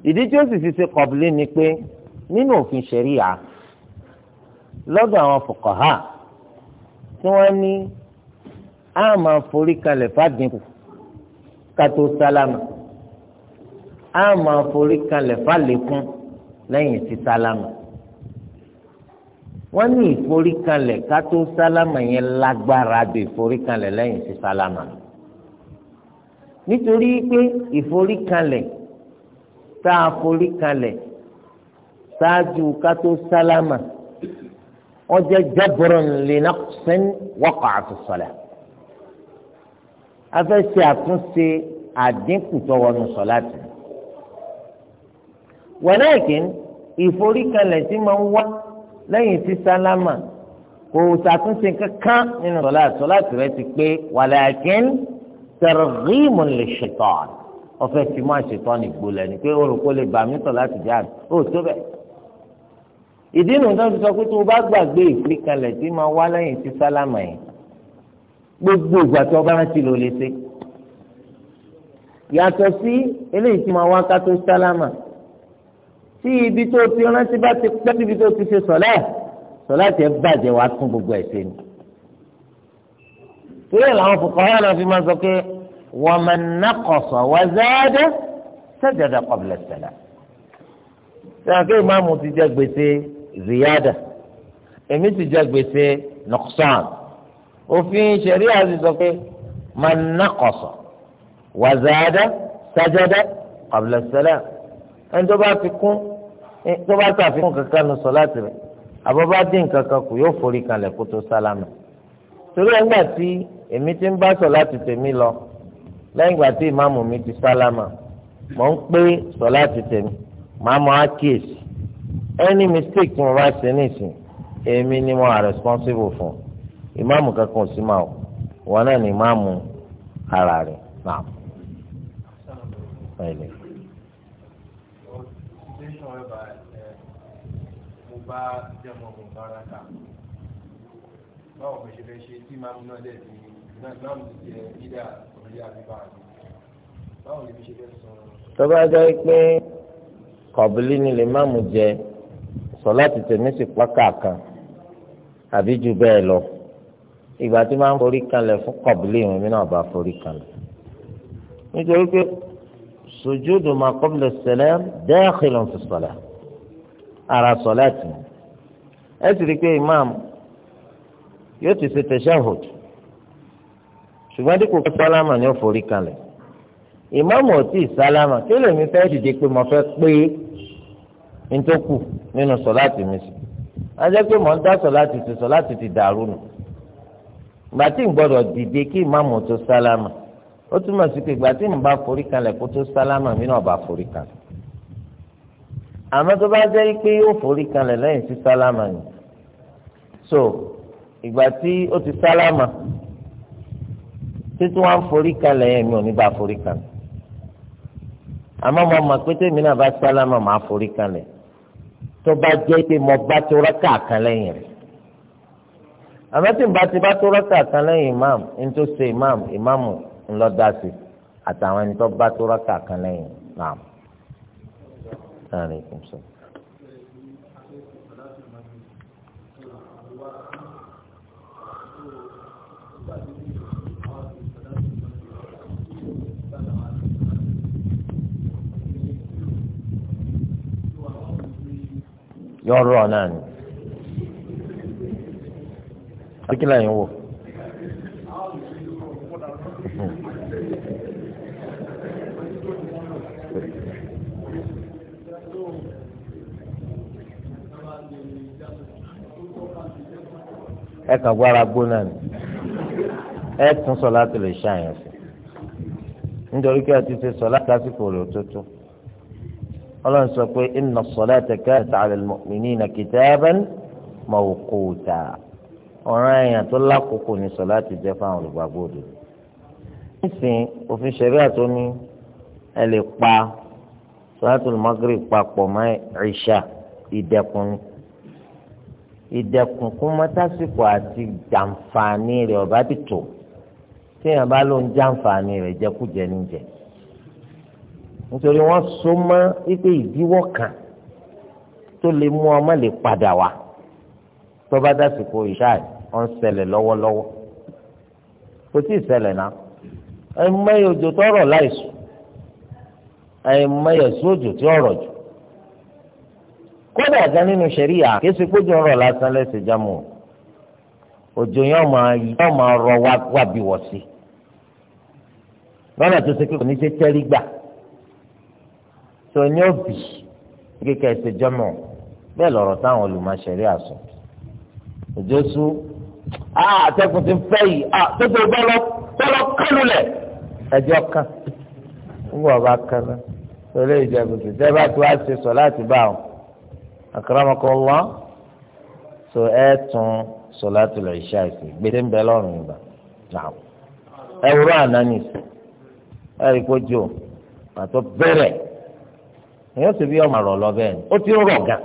ìdí tí ó sì fi ṣe kọ̀bìlì ni pé nínú òfin ṣẹ̀ríyà lọ́dọ̀ àwọn fòkànhà tí wọ́n ní á máa forí kalẹ̀ fàdínkù kátó sálámà á máa forí kalẹ̀ fàlékún lẹ́yìn sí sálámà wọ́n ní ìforíkalẹ̀ ká tó sálámà yẹn lágbára ju ìforíkalẹ̀ lẹ́yìn sí sálámà nítorí pé ìforíkalẹ̀ tá a foríkalẹ̀ ṣáájú ká tó sálámà ó jẹ́ jabrun li naqsin waqa'at as afẹ́ ṣe àtúnṣe àdínkù tọwọ́nu sọ̀láàtì wọ̀lẹ́ẹ̀kì ìforíkalẹ̀ tí máa ń wá lẹ́yìn tí sálámà kò ṣàtúnṣe kankan nínú sọlá sọlá tìrẹ ti pé wọ̀lẹ́ẹ̀kì tẹ̀rẹ̀rìmù lè ṣètọ́n ọ̀fẹ́ tí máa ṣètọ́n ìgbòlẹ̀ ni pé orúkọ lè bà mí sọlá ti jáde ó tó bẹ̀. ìdí nu tó ń sọ pé tó o bá gbàgbé ìforíkalẹ̀ tí máa wá lẹ́yìn tí sálámà yẹn gbogbo ìgbà tó o rántí lò lè ṣe yàtọ̀ sí eléyìí tí máa wá ká tó sálámà tí ibi tó ti rántí bá ti pẹ́ níbi tó ti ṣe sọ̀lẹ́ sọ̀lẹ́ tẹ bàjẹ́ wàá tún gbogbo ẹ̀ ṣe ni. torí làwọn fuqaha náà fi máa sọ pé wa man naqasa wa zada sajada qabla as-salam. sọ̀rọ̀ kí ìmáàmù ti jẹ́ gbèsè ziyada èmi ti jẹ́ gbèsè nuqsan òfin ṣẹ̀ríà ti sọ pé man naqasa wa zada sajada qabla as-salam ẹni tó bá fi kún tó bá ṣàfihàn kankan nu sọ̀láàtì rẹ̀ àbọ̀ bá dín kankan kù yóò forí kalẹ̀ kó tó sálámà torí ẹgbà tí èmi ti ń bá sọ̀láàtì tèmi lọ lẹ́yìn ìgbà tí ìmáàmù mi ti sálámà mọ̀ ń pé sọ̀láàtì tèmi màá mọ àkíyèsí any mistake tí mo bá ṣe nísìn èmi ni mo are responsible fún ìmáàmù kankan ò sí máa o wọn náà ni ìmáàmù ara rẹ̀ náà. bá jẹ́mọ̀ mọ̀ bára kà báwo mo ṣe fẹ́ ṣe tí màmú náà dẹ̀ ti màmú ti jẹ dídà orí àbíbá àti báwo ni mo ṣe fẹ́ sọ. tó bá jẹ́ pé kọ̀bílì ni lè máàmù jẹ sọ láti tèmi sì pákà àbí jù bẹ́ẹ̀ lọ ìgbà tí máa ń forí kanlẹ̀ fún kọ̀bílì ìwọ̀n mi náà bá forí kanlẹ̀ nítorí pé sujúdù kọ́bílẹ̀ sẹlẹ̀ dẹ́ẹ̀kì lọ́n fi sọ̀lẹ̀ ara sọ̀láàtì ẹ sì rí i pé imam yóò ti ṣe tashahhud ṣùgbọ́n dípò pé sálámà ni ó forí kalẹ̀ ìmáàmù ọtí sálámà kí lèmi fẹ́ dìde pé mo fẹ́ pé ntòkù nínú sọ̀láàtì mi sí ajẹ́ pé mo ń dá ti sọ̀láàtì ti dàrú nù ìgbà tí n gbọ́dọ̀ dìde kí ìmáàmù tó sálámà ó túmọ̀ sí pé ìgbà tí n bá forí kalẹ̀ kó tó àmọ́ tó bá jẹ́ pé yóò forí kanlẹ̀ lẹ́yìn sí sálámà ni so ìgbà tí ó ti sálámà títí wọn forí kanlẹ̀ yẹn mi ò ní bá forí kanlẹ̀ àmọ́ mo mọ̀ pé tèmi náà bá sálámà máa forí kanlẹ̀ tó bá jẹ́ pé mo bá tó rákà kan lẹ́yìn rẹ̀ àmọ́ tí n bá ti bá tó rákà kan lẹ́yìn imam n tó ṣe imam imam ńlọ́dá sí àtàwọn ẹni tó bá tó rákà kan lẹ́yìn náà alaikum salaam. yọrọ náà ni akílà yẹn wò. ẹ kàn gbára gbóná ni ẹ tún sọ láti lè ṣàyàn sí nítorí kí ẹ ti ṣe sọ láti lásìkò rẹ̀ tuntun ọlọ́run sọ pé inna as-salata kanat 'ala al-mu'minina kitaban mawquta ọ̀ràn èèyàn tó lákòókò ní sọ láti jẹ́ fáwọn olùgbàgbọ́ òde. nísìnyí òfin ṣẹ̀ríà tó ní ẹ lè pa sọ́látùl Maghrib papọ̀ mọ́ ìṣà ìdẹ̀kùn ni ìdẹ̀kùn kún mọ́tàsíkò àti jàǹfààní rẹ̀ ọ̀bá ti tò téèyàn bá ló ń jàǹfààní rẹ̀ jẹkújẹ níjẹ nítorí wọ́n so mọ́ wípé ìdíwọ́ kan tó lè mú ọmọ lè padà wá tó bá dásìkò ìṣáì ọ̀ ń ṣẹlẹ̀ lọ́wọ́lọ́wọ́ kò tí ì ṣẹlẹ̀ náà ẹ̀mọ́ òjò tọrọ láìsùn ẹ̀mọ́ ẹ̀sùn òjò tí ọ̀rọ̀ jù kódà gan nínú ṣẹ̀ríyà kéésì kójú ọ̀rọ̀ lásán lẹ́sẹ̀ jámù òjò yẹn yóò máa rọ wábi wọ̀ sí lọ́nà tó ṣe kí kò ní ṣe tẹ́rí gbà tó ní òbí kíkẹ́ ẹ̀sẹ̀ jámù bẹ́ẹ̀ lọ̀rọ̀ táwọn olùmọ̀ṣẹ̀rí àsùn òjò sú àtẹkùn ti fẹ́ yìí àtẹkùn bọ́lọ́ bọ́lọ́ kánulẹ̀ ẹjọ́ kan ń bọ̀ bá kan náà torí ìjẹ́bùsùn tẹ́ bá tó a ṣe sọ láti bá wọn akramakallah so ẹ tún solatul isha ìsìn gbèsè ń bẹ lọ́rùn ìgbà náà ẹ wúrọ ànání ẹ rí kójú pàtó bẹ̀rẹ̀ èyàn sì bí ọmọ àrọ̀ lọ bẹ́ẹ̀ ni ó ti ń rọ̀ gan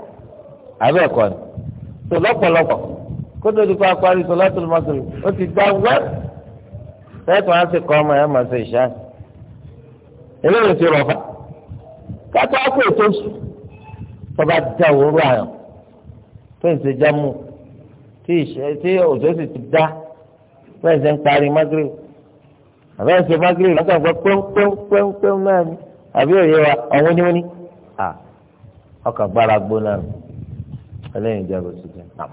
àbẹ́ ẹ̀kọ́ ni so lọ́pọ̀lọpọ̀ kótó ti kọ́ apárí solatul maghrib ó ti gbá wá sẹ́ẹ̀tún á sì kọ́ ọmọ ẹ̀ máa ti rọ̀ fà kátó á kó ètò tọ́ba dá òwúrọ̀ àyàn tó ń ṣe jámù tí ìṣe tí òjò sì ti dá bẹ́ẹ̀ ṣe ń parí magre àbẹ́ ń ṣe magre lọ́kàn gbọ́ pẹ́ńpẹ́ńpẹ́ńpẹ́ń náà ni àbí òye wa ọ̀hún ni wọ́n ní à ọkàn gbára gbóná nù ẹlẹ́yìn ìjà ló ti jẹ́ nàm.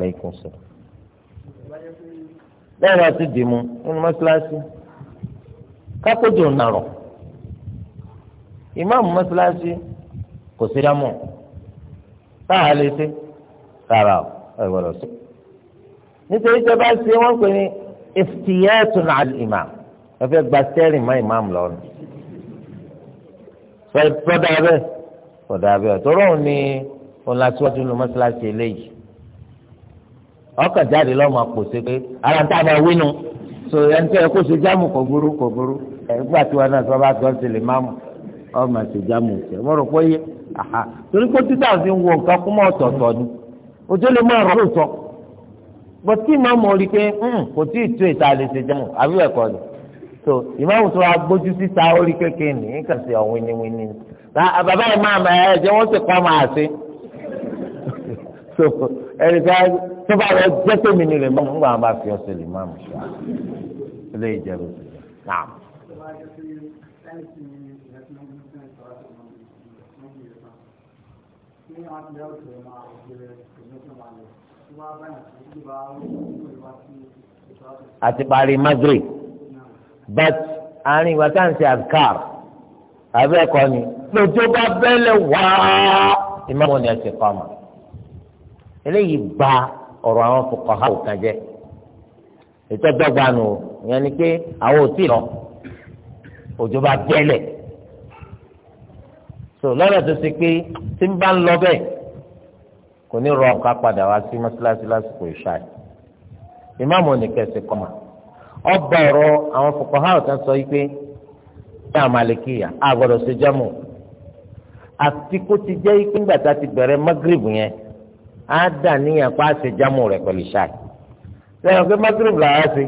lẹ́yìn náà ti dì nínú mọ́ṣáláṣí kápẹ́jọ nàrọ̀ ìmáàmù mọ́ṣáláṣí kò sí dámọ̀ táà lè ṣe rárá o ẹ gbọ́dọ̀ sí. nítorí tí a bá ṣe wọ́n pè ní iftiyatun al imam ẹ fẹ́ gba sẹ́rìn mọ́ imam lọ́nu. sọ́dà bẹ́ẹ̀ sọ́dà bẹ́ẹ̀ tó rọrùn ni òun la síwájú ní mọ́ṣáláṣí eléyìí. ọkàn jáde lọ́mọ àpòṣe pé ara ń tà máa wínú ẹni tó yẹ kó ṣe jáàmù kò burú ẹgbàá tí náà sọ bá gbọ́ sí máàmù ọmọ torí pé títà fi ń wo nǹkan kú mọ́ ọ̀tọ̀ọ̀tọ̀ ni ojú lè máa rọ́ọ̀rù sọ bọ́tí ìmáàmù rí i pé hmm, kò tí ì tó ìta lè ṣe jẹun àbí ẹ̀kọ́ ni so ìmáàmù tó wa gbójú síta orí kékeré nì í kàn sí ọ̀hún wíníwíní bàbá ìmáàmù ẹ̀ jẹ́ wọ́n sì kọ́ máa ṣe so ẹni ká tó bá rẹ jẹ́ pé mi ni lè mọ́ nígbà wọn bá fi ọ̀sẹ̀ lè máàmù ṣe ilé ìjẹun sí ní wọn ti rẹ́ òṣèré máa òṣèré ìlú máa lọ tí wọ́n bá yàn sí ìlú bá wọ́n ní ìwà sí ìṣọ́ àti parí magre but àárín ìwà tá à ń ṣe àkàr àbẹ́ ẹ̀kọ́ ni ni ẹ ti kọ́ ọ mọ̀ eléyìí ba ọ̀rọ̀ àwọn fuqaha kan jẹ́ ìtọ́jọ́gba nù ìyẹn ni so lọ́nà tó ṣe pé tí ń bá ń lọ bẹ́ẹ̀ kò ní rọ ọ̀ka padà wá sí mọ́ṣáláṣí lásìkò ìṣáì ìmáàmù oníkẹsì kọ́mà ọba ọ̀rọ̀ àwọn fuqaha ọ̀tán sọ wípé ní àmàlẹ́kìyà a gbọ́dọ̀ ṣe jámù àti kó ti jẹ́ pé ńgbà tá a ti bẹ̀rẹ̀ magrib yẹn á dà níyàn pa á ṣe jámù rẹ̀ pẹ̀lú ìṣáì sẹ́yìn pé magrib làá ṣe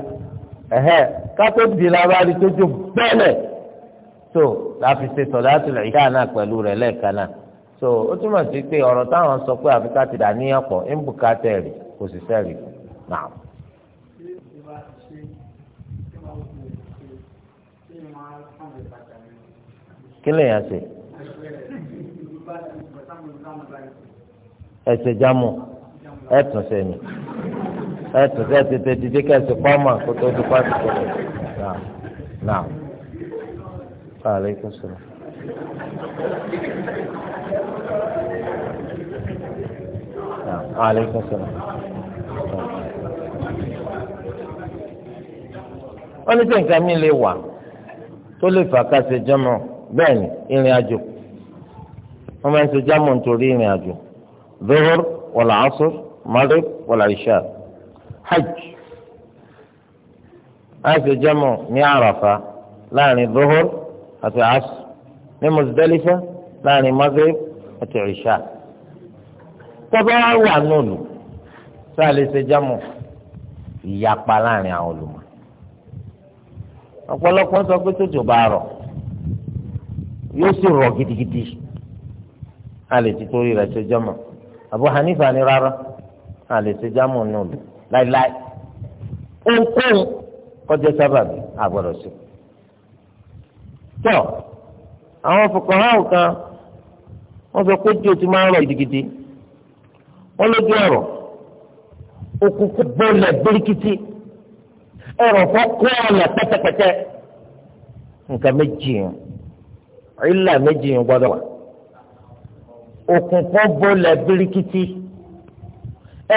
ẹ̀hẹ́ ká tó di lára rí tó jó bẹ́ẹ̀ so láfi ṣe sọ̀láàtì ìṣá náà pẹ̀lú rẹ̀ lẹ́ẹ̀kan náà so ó túmọ̀ sí pé ọ̀rọ̀ táwọn sọ pé àfikà ti dà níyàn pọ̀ ń bùkátà rì kò sì náà. kí lè yàn ṣe. ẹsẹ̀ jámù ẹ̀tún ẹ̀tún tètè dídí kẹ́sì kó tó náà. alaikun salam alaikun salam wọ́n ní sẹ́yìn kan mi lè wà tó lè fà ká ṣe jẹ́mọ̀ bẹ́ẹ̀ ni ìrìn àjò wọ́n máa ń ṣe jẹ́mọ̀ nítorí ìrìn àjò dhuhr wal asr hajj a ṣe jẹ́mọ̀ ní àràfà láàrin àti àṣù ní Muzdalifa láàrin Maghrib àti ìṣá tọ́ba wà nùlù tá a lè ṣe jámù ìyapa láàrin àwọn olùmọ̀ ọ̀pọ̀lọpọ̀ sọ pé tójò bá rọ̀ yóò sì rọ̀ gidigidi a lè ti torí rẹ̀ ṣe Hanifa ni rárá a lè ṣe jámù nùlù láíláí ohunkóhun kọjá sábàbí àgbọ̀dọ̀ sí i. tọ́ àwọn fòkànlá kan wọ́n sọ pé tí o ti máa ń rọ̀ gidigidi wọ́n lójú ọ̀rọ̀ òkùnkùn gbọ́lẹ̀ bíríkìtì ọ̀rọ̀ fọ́kọ́ ọ̀lẹ̀ pẹ́tẹpẹ́tẹ nǹkan méjì yẹn ìlà méjì yẹn gbọ́dọ̀ wà òkùnkùn gbọ́lẹ̀ bíríkìtì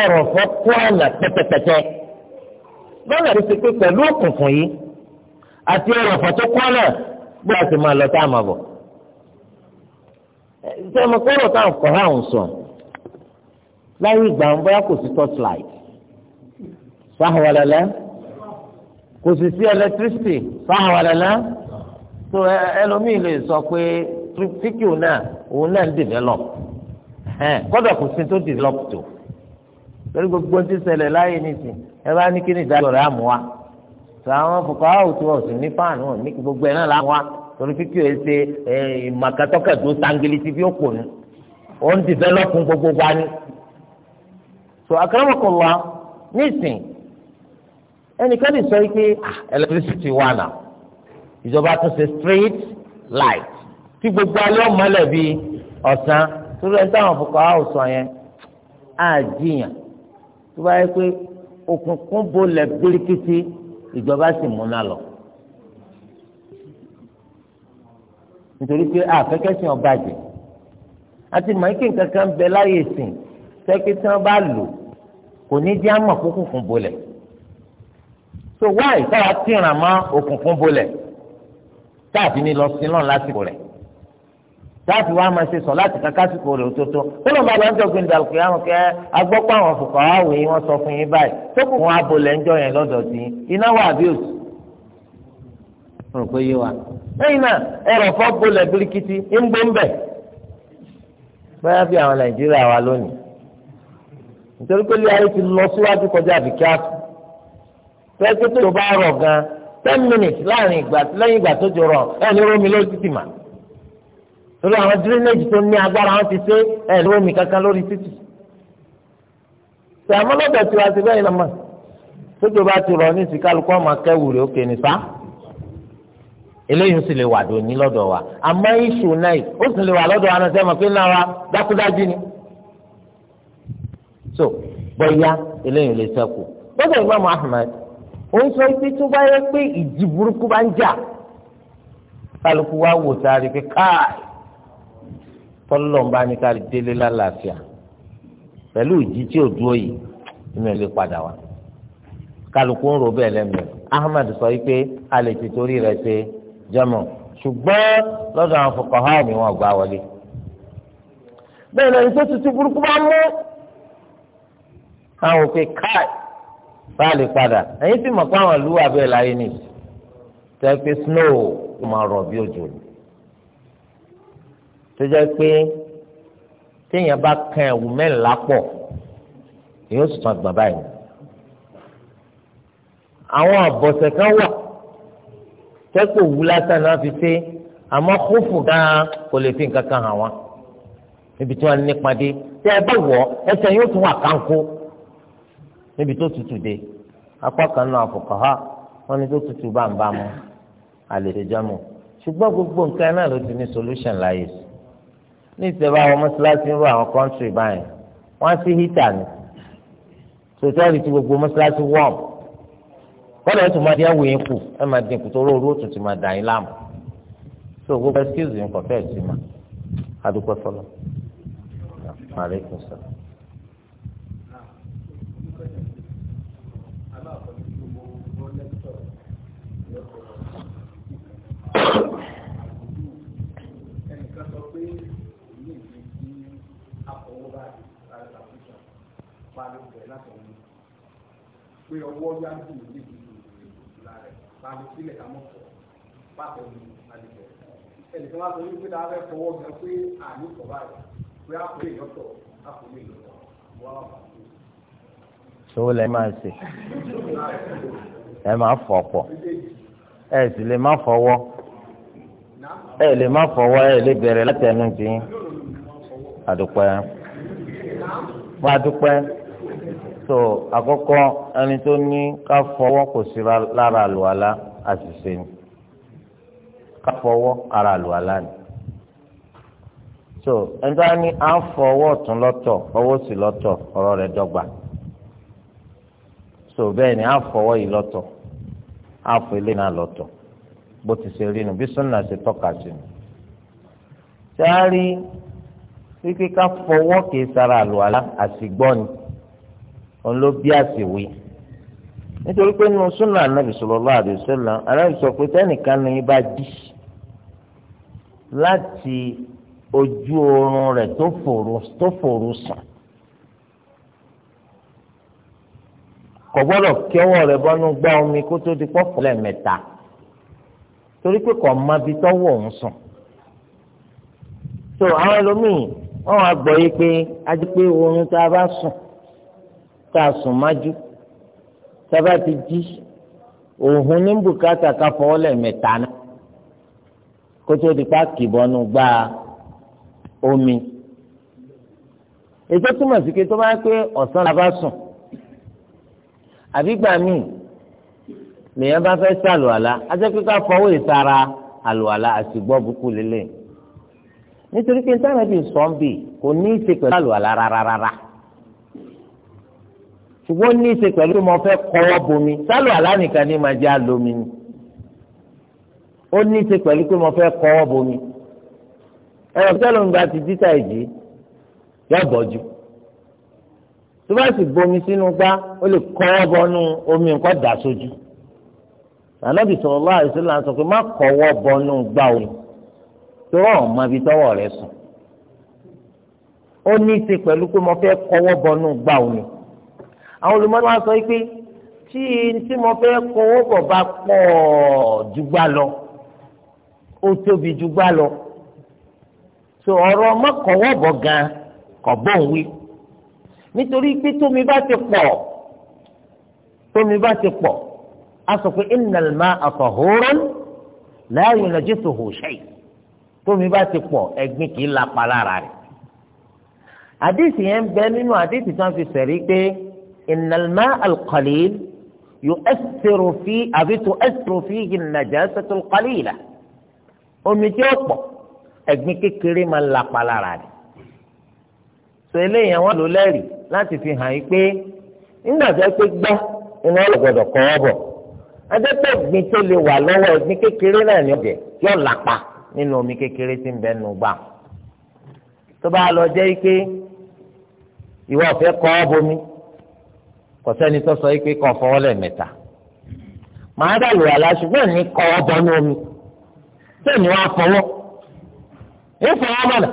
ọ̀rọ̀ fọ́kọ́ ọ̀lẹ̀ pẹ́tẹpẹ́tẹ lọ́nà tó ti pé pẹ̀lú òkùnkùn yìí àti ọ̀rọ̀ fọ́tọ́kọ́ náà. bí a ti máa lọ tá a máa bọ̀. ṣé mo kọ́ ọ̀tá ọ̀kọ́ ráhùn sàn láyé ìgbà ń bóyá kò sí torchlight sáhàwálẹ́lẹ́ kò sì sí electricity sáhàwálẹ́lẹ́ tó ẹlòmíì lè sọ pé fíkìú náà òun náà ń develop kọ́dọ̀ kò sí tó develop tó lórí gbogbo ti ṣẹlẹ̀ láyé nìsín ẹ bá ní kí ni ìdájọ́ rẹ̀ á wa. sọ àwọn fòkàwá òtún ọ̀sùn ní fáànù ní gbogbo ẹ̀ náà láwa torí fífi ẹ̀ ṣe ìmọ̀kàtọ́kẹ̀tò sangele ti fi ó pò ní ó ń dìbẹ́lọ́pù gbogbo wa ni. sọ akérèmọkànlá nísìn ẹnìkan lè sọ pé ẹlẹtírísítì ah, wà náà ìjọba tún ṣe street light tí gbogbo alẹ́ ọ̀mọ́lẹ̀ bíi ọ̀sán torí ẹ̀ táwọn fòkàwá òsàn yẹn á jiyàn tó bá yẹ pé òkùnkùn bolẹ̀ gbérikítí ìjọba sì múná lọ nítorí pé àfẹkẹsìn ọba jẹ àti màáké nǹkan kan bẹ láyè sìn tẹkí tí wọn bá lò kò ní jẹ àmọ́ kókùnkùn bolẹ̀ so wáyé táwa tìràn mọ́ òkùnkùn bolẹ̀ táàfin ni lọ sí náà lásìkò rẹ̀ láti wá máa ṣe sọ láti kankan sí kò rè òtótó ó lọ́n bá lọ ń dọ̀gbìn dàlùkù yà wọn kẹ́ agbọ́pọ̀ àwọn fòkàn àwòye wọn sọ fún yín báyìí tó yẹn lọ́dọ̀ sí iná wà bí rò pé yé wa ẹ̀rọ birikiti ń gbé ń bẹ̀. báyà bí wa lónìí nítorí pé ayé ti lọ síwájú kọjá fẹ́ẹ́ tó bá gan ten minutes láàrin ìgbà torí àwọn drainage tó ní agbára wọn ti ṣe ẹ lówó mi kankan lórí títì tẹ àmọ́ lọ́dọ̀ tiwa ti bẹ́ẹ̀ lọ́mọ tójú bá ti rọ ní ìsìkálukọ́ ọmọ akẹ́wùrè òkè nìfà eléyìí sì lè wà dòní lọ́dọ̀ wa àmọ́ ìṣù náà ó sì lè wà lọ́dọ̀ wa náà sẹ́wọ̀n pé náà dákúdájú ni so bọ́yá eléyìí lè sẹ́kù lọ́dọ̀ Imam Ahmad ó ń sọ pé tó bá yẹ pé ìjì burúkú bá ń jà kálukú wa wò sáré pé káàì tọ́lọ́mbà ni ká délé lálàáfíà pẹ̀lú ìjì tí ò dúró yìí inú ẹ̀ lè padà wá kálukú ń ro bẹ́ẹ̀ lẹ́mìí Ahmad sọ wípé a lè ti torí rẹ̀ ṣe jẹ́mọ̀ ṣùgbọ́n lọ́dọ̀ àwọn fuqaha ni wọ́n gbá wọlé bẹ́ẹ̀ lẹ́yìn tó tutù burúkú bá mú àwọn òfin káì bá lè padà ẹ̀yìn tí mọ̀ pé àwọn ìlú wà láyé nìyí tẹ́ pé snow máa rọ̀ bí òjò ni tó jẹ́ pé téèyàn bá kan ẹ̀wù mẹ́rìnlá pọ̀ yóò sì tún àgbà báyìí àwọn àbọ̀sẹ̀ kan wà tẹ́kọ̀ wù lásán náà fi ṣe àmọ́ kófù gan-an kò lè fi nǹkan kan hàn wọ́n níbi tí wọ́n nípa dé tẹ́ ẹ bá wọ̀ ẹsẹ̀ yóò tún wà kánkó níbi tó tutù dé apá kan náà àfọkàhá wọn ni tó tutù bá ń bá mu àlè ṣèjọ́ ṣùgbọ́n gbogbo nǹkan náà ló ti ní solution láyé sí ní ìsẹ̀bá àwọn mọ́ṣáláṣí ń rọ àwọn kọ́ńtì báyìí wọ́n á sí hítà ni sòtẹ́ẹ̀lì tí gbogbo mọ́ṣáláṣí wọ́ọ̀m kọ́lẹ̀ tó máa dín ẹ̀wò yín kù ẹ̀ máa dín kùtò oró oró tuntun máa dà yín láàmú so gbogbo excuse yín kọ̀ fẹ́ẹ̀ sí ma adúpẹ́ fọlọ́ maaleykum salaam. balẹ̀ bẹ̀ látọ̀hún pé ọwọ́ yá dùn níbi ìlà rẹ̀ balẹ̀ sílẹ̀ ká mọ̀ fọ́ pàtó ní balẹ̀ ẹnìkan wá sọ wípé dáa fọwọ́ gan pé àní sọ báyìí pé àpò èèyàn tọ̀ àpò mi lọ wá wà pàtó. sọ́wọ́ lẹ́ máa ṣe ẹ máa fọ̀ pọ̀ ẹ sì lè má fọwọ́ ẹ lè má fọwọ́ ẹ lè bẹ̀rẹ̀ látẹnu tì í àdùpẹ́ so àkọ́kọ́ ẹni tó ní ká kò sí lára àlùwàlá àṣìṣe ni ká ara ala ni so tó ní à ń fọwọ́ ọ̀tún lọ́tọ̀ ọwọ́ sì lọ́tọ̀ so ni à yìí lọ́tọ̀ à ilé náà lọ́tọ̀ bó ti ṣe rí nu bí sọ́nà ṣe tọ́ka sí nu òun ló bí àṣìwí nítorí pé nínú súnà anábì sallallahu alaihi wasallam anábì sọ pé tẹ́nìkan ní bá dì láti ojú oorun rẹ̀ tó fòrò tó fòrò sàn kò gbọ́dọ̀ kí ọwọ́ rẹ̀ bọ́nú gbá omi kó tó di pọpọ lẹ́ẹ̀mẹ́ta torí pé kò má bi tọ́wọ́ òun sùn so àwọn ẹlòmíì wọn wá gbọ́ yìí pé a jẹ́ pé oorun tá a bá sùn. So, tá a sùn májú sábà ti jí òhun ní bùkátà ká fọwọ́ lẹ́ẹ̀mẹ́ta náà kótó di pa kìbọnú gba omi ètò túmọ̀ sí pé tó bá pé ọ̀sán la bá sùn àbí gbà míì lèyìn bá fẹ́ sàlùwàlá ajẹ́pẹ́ ká fọwọ́ ìsara àlùwàlá àsìgbọ́ burúkú lélẹ̀ nítorí pé ntàràbí sọ́ńbì kò ní í ṣe pẹ̀lú àlùwàlá rárára. Rárá ṣùgbọ́n ní í ṣe pẹ̀lú mo fẹ́ kọ́wọ́ bomi sálọ alánìkan ní máa jẹ́ àlómi ni ó ní í ṣe pẹ̀lú pé mo fẹ́ kọ́wọ́ bomi ẹ̀rọ sẹ́lọ̀ nígbà tí títà ìjì yóò bọ́jú tó bá sì bomi sínú gbá ó lè kọ́wọ́ bọnú omi nǹkan dà sójú ànábì sallallahu alaihi wasallam sọ pé má kọ́wọ́ bọnú gbá omi tó rọ̀ ọ́n mọ ibi tọ́wọ́ rẹ̀ sùn ó ní í ṣe pẹ̀lú pé mo fẹ́ kọ́wọ́ bọnú gbá omi àwọn olùmọ́ni wa sọ pé tí tí mo fẹ́ kó owó pọ̀ bá pọ̀ jùgbà lọ ó tóbi jùgbà lọ so ọ̀rọ̀ mọ́kànwọ́bọ̀ gan kọ̀ bóun wí nítorí pé tómi bá ti pọ̀ tómi bá ti pọ̀ a sọ pé innal ma'a tahurun la yunajjisuhu shay tómi bá ti pọ̀ ẹ̀gbin kì í lapa lára rẹ̀ àdìsí yẹn ń bẹ nínú àdìsí tí wọ́n fi sẹ̀rí pé. إن الماء القليل يؤثر في أبي تؤثر فيه النجاسة القليلة omi tí ó pọ̀ ẹ̀gbin kékeré máa ń lapa lára rẹ̀ sọ eléyìí àwọn ló lẹ́rìí láti fi hàn yín pé nígbà tó pé gbá iná ọ̀gbọ̀dọ̀ kọ́ ọ bọ̀ adẹ́pẹ́ ẹ̀gbin tó lè wà lọ́wọ́ ẹ̀gbin kékeré náà ní ọ̀jẹ̀ yóò lapa nínú omi kékeré tí ń bẹ nù gbà tó bá lọ jẹ́ pé ìwọ fẹ́ kọ́ ọ bomi kọ̀sẹ́ni tó sọ pé kọ́ fọwọ́ lẹ́ẹ̀mẹ́ta màá dàlù àlá ṣùgbọ́n ní kọ́ ọbọ̀ ní omi bẹ́ẹ̀ ni wọ́n á fọwọ́ ìfọwọ́ mọ̀nà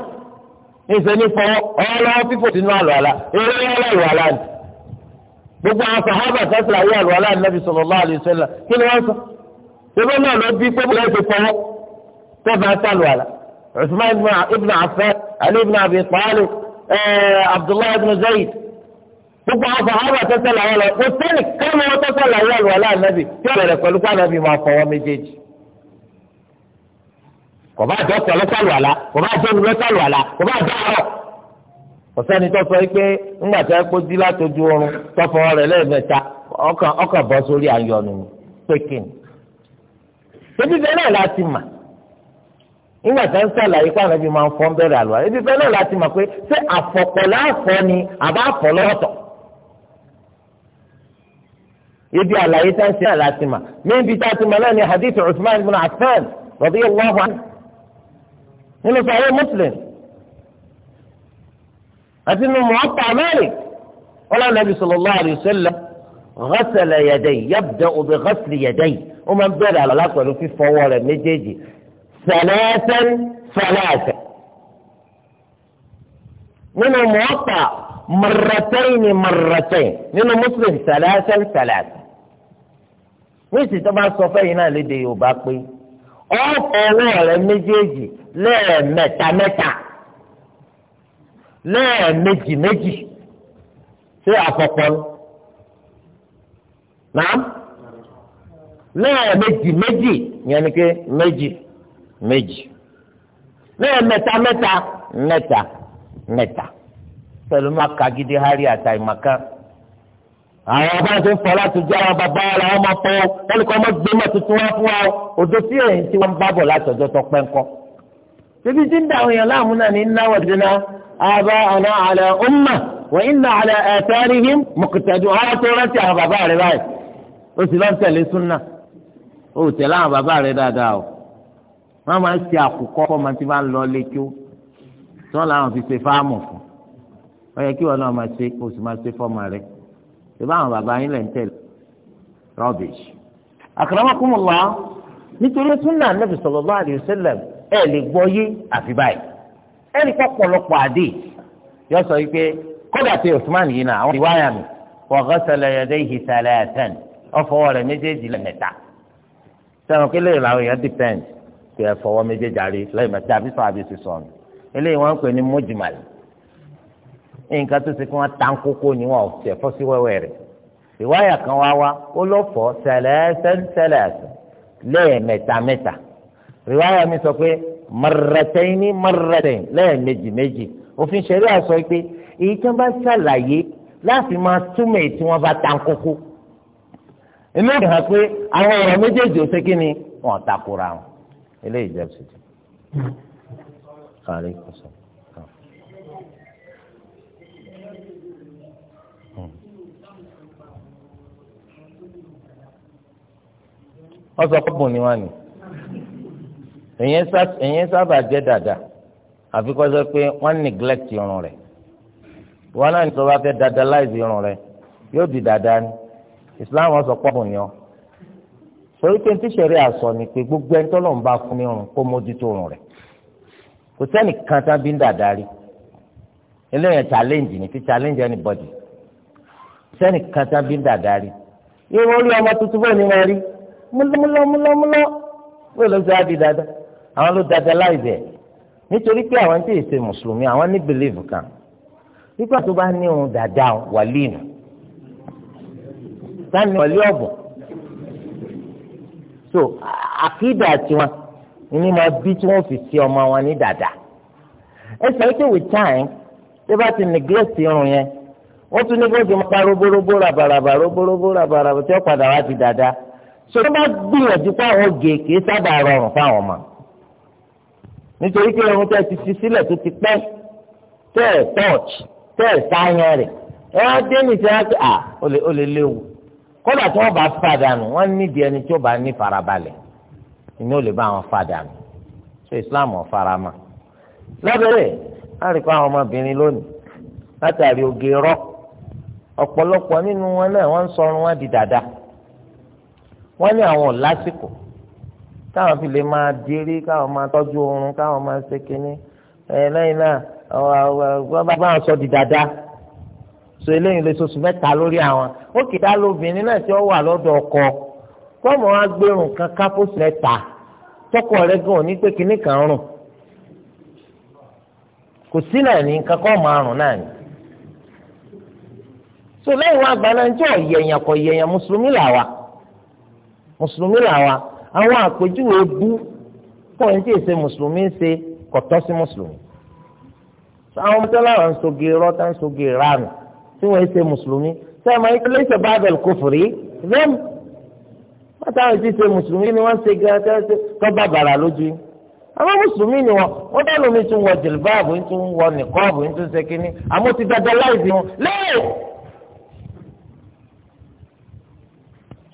ìṣe ní fọwọ́ ọlọ́wọ́ fífò sínú àlọ́ àlá eré ọlọ́wọ́ àlá ni gbogbo àwọn sàhábà sẹ́sìlá yé àlọ́ àlá nàbì sallallahu alaihi wasallam kí ni wọ́n sọ ṣébí náà ló bí pé gbogbo àwọn sàhábà tẹ́tẹ́ làwọn lọ kò sẹ́ni kánú wọn tẹ́tẹ́ làwọn àlùwàlá ànábì tí wọ́n bẹ̀rẹ̀ pẹ̀lú pàànàbì máa fọwọ́ méjèèjì. kò bá jọ tọ̀ lọ́sàlùwàlá kò bá jọ kò bá pé ńgbà tí kó oorun rẹ ọkàn sórí pékin. ebi náà láti mà nígbà tí sàlàyé pé máa ń fọ́n ebi náà ni àbá àfọ̀ ibi àlàyé tá ń ṣe àlàtì mà níbi tá a ti mà náà ni hadith Uthman ibn Affan radiyallahu anhu nínú sọ̀rọ̀ Muslim àti nínú Muwatta Malik wọn lọ́nà Nabi sallallahu alayhi wa sallam ghasala yadayhi yabda'u bi ghasli yadayhi ó máa ń bẹ̀rẹ̀ àlọ́lá pẹ̀lú fífọwọ́ rẹ̀ méjèèjì salasan salasan nínú Muwatta. marrataini marrataini nínú muslim salasan salasan ní ìsìn tó bá sọ fẹ́yìn náà léde yorùbá pé ọ̀pọ̀ ọwọ́ rẹ méjèèjì lẹ́ẹ̀mẹ́ta mẹ́ta lẹ́ẹ̀mejì méjì ṣé àpọ̀pọ̀ náà lẹ́ẹ̀mejì méjì yẹn ni pé méjì méjì lẹ́ẹ̀mẹ́ta mẹ́ta mẹ́ta mẹ́ta. mẹ́ta. pẹ̀lú má ka gidi hari àtà ìmàkan. àwọn ọba tó ń fọ láti jẹ́ àwọn bàbá wa wọn máa fọ wọn kọ́ ọmọ gbé tuntun wá fún wa òdo tí èyí tí wọ́n ń bábọ̀ látọ̀jọ́ tó pẹ́ ńkọ́. ṣébi tí ń da àwọn èèyàn láàmú náà ní náwó àbá àná wọ́n ń na àlẹ ẹ̀ẹ́dẹ́rìhìn mọ̀kìtẹ́dù àwọn tó rántí àwọn bàbá rẹ báyìí ó sì tẹ̀lé ó yẹ kí wọn náà máa ṣe kó o sì máa ṣe fọ́ọ̀mù rẹ ìbá àwọn bàbá yín lẹ̀ ń tẹ̀lé rubbish. akramakumullah nítorí sunnah nabi sallallahu alayhi wa sallam ẹ̀ lè gbọ́ yé àfi báyìí ẹnì kan pọ̀lọpọ̀ yọ sọ wípé kódà tí Usman yìí náà àwọn ìwáyà mi wa ghasala yadayhi thalathan ó fọwọ́ rẹ̀ méjèèjì lẹ́mẹ̀ta sẹ́wọ̀n kí lèèrè làwọn èèyàn depend kí ẹ méjèèjì àrí lẹ́mẹ̀ta àbí sọ àbí sísọ eléyìí wọ́n ń pè ní mujmal nǹkan tó ṣe kí wọ́n tán kókó ni wọ́n ṣe fọ́ sí wẹ́wẹ́ rẹ̀ ìwáyà kan wá wá ó lọ fọ́ sẹlẹ̀sẹ̀sẹlẹ̀sẹ̀ lẹ́ẹ̀mẹ́ta mẹ́ta ìwáyà mi sọ pé mọ̀rẹ̀tẹ̀yìn ní mọ̀rẹ̀tẹ̀yìn lẹ́ẹ̀mejì méjì òfin ṣẹ̀rí àṣọ pé èyí tí wọ́n bá ṣàlàyé láàfin máa túmọ̀ èyí tí wọ́n bá tán kókó inú ẹ̀rọ hàn pé àwọn ọ̀rọ̀ méjèèjì ọ̀sẹ̀ kí ni wọ́n takora wọn eléyìí jẹ́ bìsìtì. wọ́n sọ pé bùn ni wọ́n ní èyí sábà jẹ́ dàda àfi kọ́ sọ pé wọ́n neglect irun rẹ̀ wọ́n náà ní sọ wá fẹ́ dadalize irun rẹ̀ yóò di dàda ni Islam wọ́n sọ pé bùn ni ọ́ sori pé tí sẹ́rí àsọ ni pé gbogbo ẹni tọ́lọ̀ ń bá fún ní irun kó mójútó irun rẹ̀ kò sẹ́ni kan bí ń dàda rí eléyàn challenge ni ti challenge anybody sẹ́ni kan tán bí ń dàda rí irun orí ọmọ tuntun bẹ́ẹ̀ ni wọ́n rí múlọmúlọmúlọ pé ló sọ àbí dada àwọn ló dada láìsẹ nítorí pé àwọn tí èsè mùsùlùmí àwọn ní bìlíìfù kan nígbà tó bá ní òun dada wàlíìnù sani wàlíì ọ̀bùn so àkídà tiwọn ní ma bí tí wọn fi ṣe ọmọ wọn ní dada ẹ sọ pé with time tí bá ti neglect irun yẹn wọ́n tún ní kó o ti máa pa roborobo rabaraba roborobo rabaraba tí ó padà wá di dada sọdọ́ bá gbìyànjú fáwọn gèèké sábà rọrùn fáwọn ọmọ nítorí pé ohun tẹ́ ti fi sílẹ̀ tó ti pẹ́ tẹ́ ẹ̀ tọ́ọ̀chì tẹ́ ẹ̀ sáyẹn rẹ̀ ẹ wá dé nìṣẹ́ wá pé à ó lè léwu kódà tí wọ́n bá fàdánù wọ́n nídìí ẹni tí ó bá ní farabalẹ̀ ìní ò lè bá wọn fàdánù ṣé Islam ọ̀ farama lábẹ́rẹ́ àríkọ́ àwọn ọmọbìnrin lónìí látàrí oge rọ́ ọ̀pọ̀lọpọ̀ nínú wọn náà wọ́n ń sọrun wọn di dáadáa wọ́n ní àwọn ò lásìkò káwọn fi lè máa dirí káwọn máa tọ́jú oorun káwọn máa ṣe kínní ẹ lẹ́yìn náà wọ́n bá wọn sọ di dáadáa so eléyìí lè soṣù mẹ́ta lórí àwọn ó kì í dá lóbìnrin náà tí ó wà lọ́dọ̀ ọkọ fọ́ọ̀mù wa gbẹ̀rùn kan kápósì mẹ́ta tọkọ rẹ gan ní pé kínní kan rùn kò sí náà ní kankan márùn náà ní. so lẹ́yìn wọn àgbà náà ń jẹ́ ọ̀yẹ̀yàn kọ̀ mùsùlùmí làwà. mùsùlùmí làwa àwọn àpèjúwe bú fóun tí èsè mùsùlùmí ń ṣe kọ̀tọ́ sí mùsùlùmí àwọn ọmọ tó láwọn ń soge rọ́tà ń soge ránù tí wọ́n ṣe mùsùlùmí sẹ́yìn máa ń kí lẹ́sẹ̀ bábẹ̀ kò fòrí rẹ́m bàtà àwọn tí ṣe mùsùlùmí ni wọ́n ṣe gan tó bá bàrà lójú àwọn mùsùlùmí ni wọn wọ́n dá lómi tún wọ jìlbáàbù tún wọ nìkọ́ọ̀bù tún ṣe kínní àmọ́ ti dada láìsí wọn lẹ́yìn.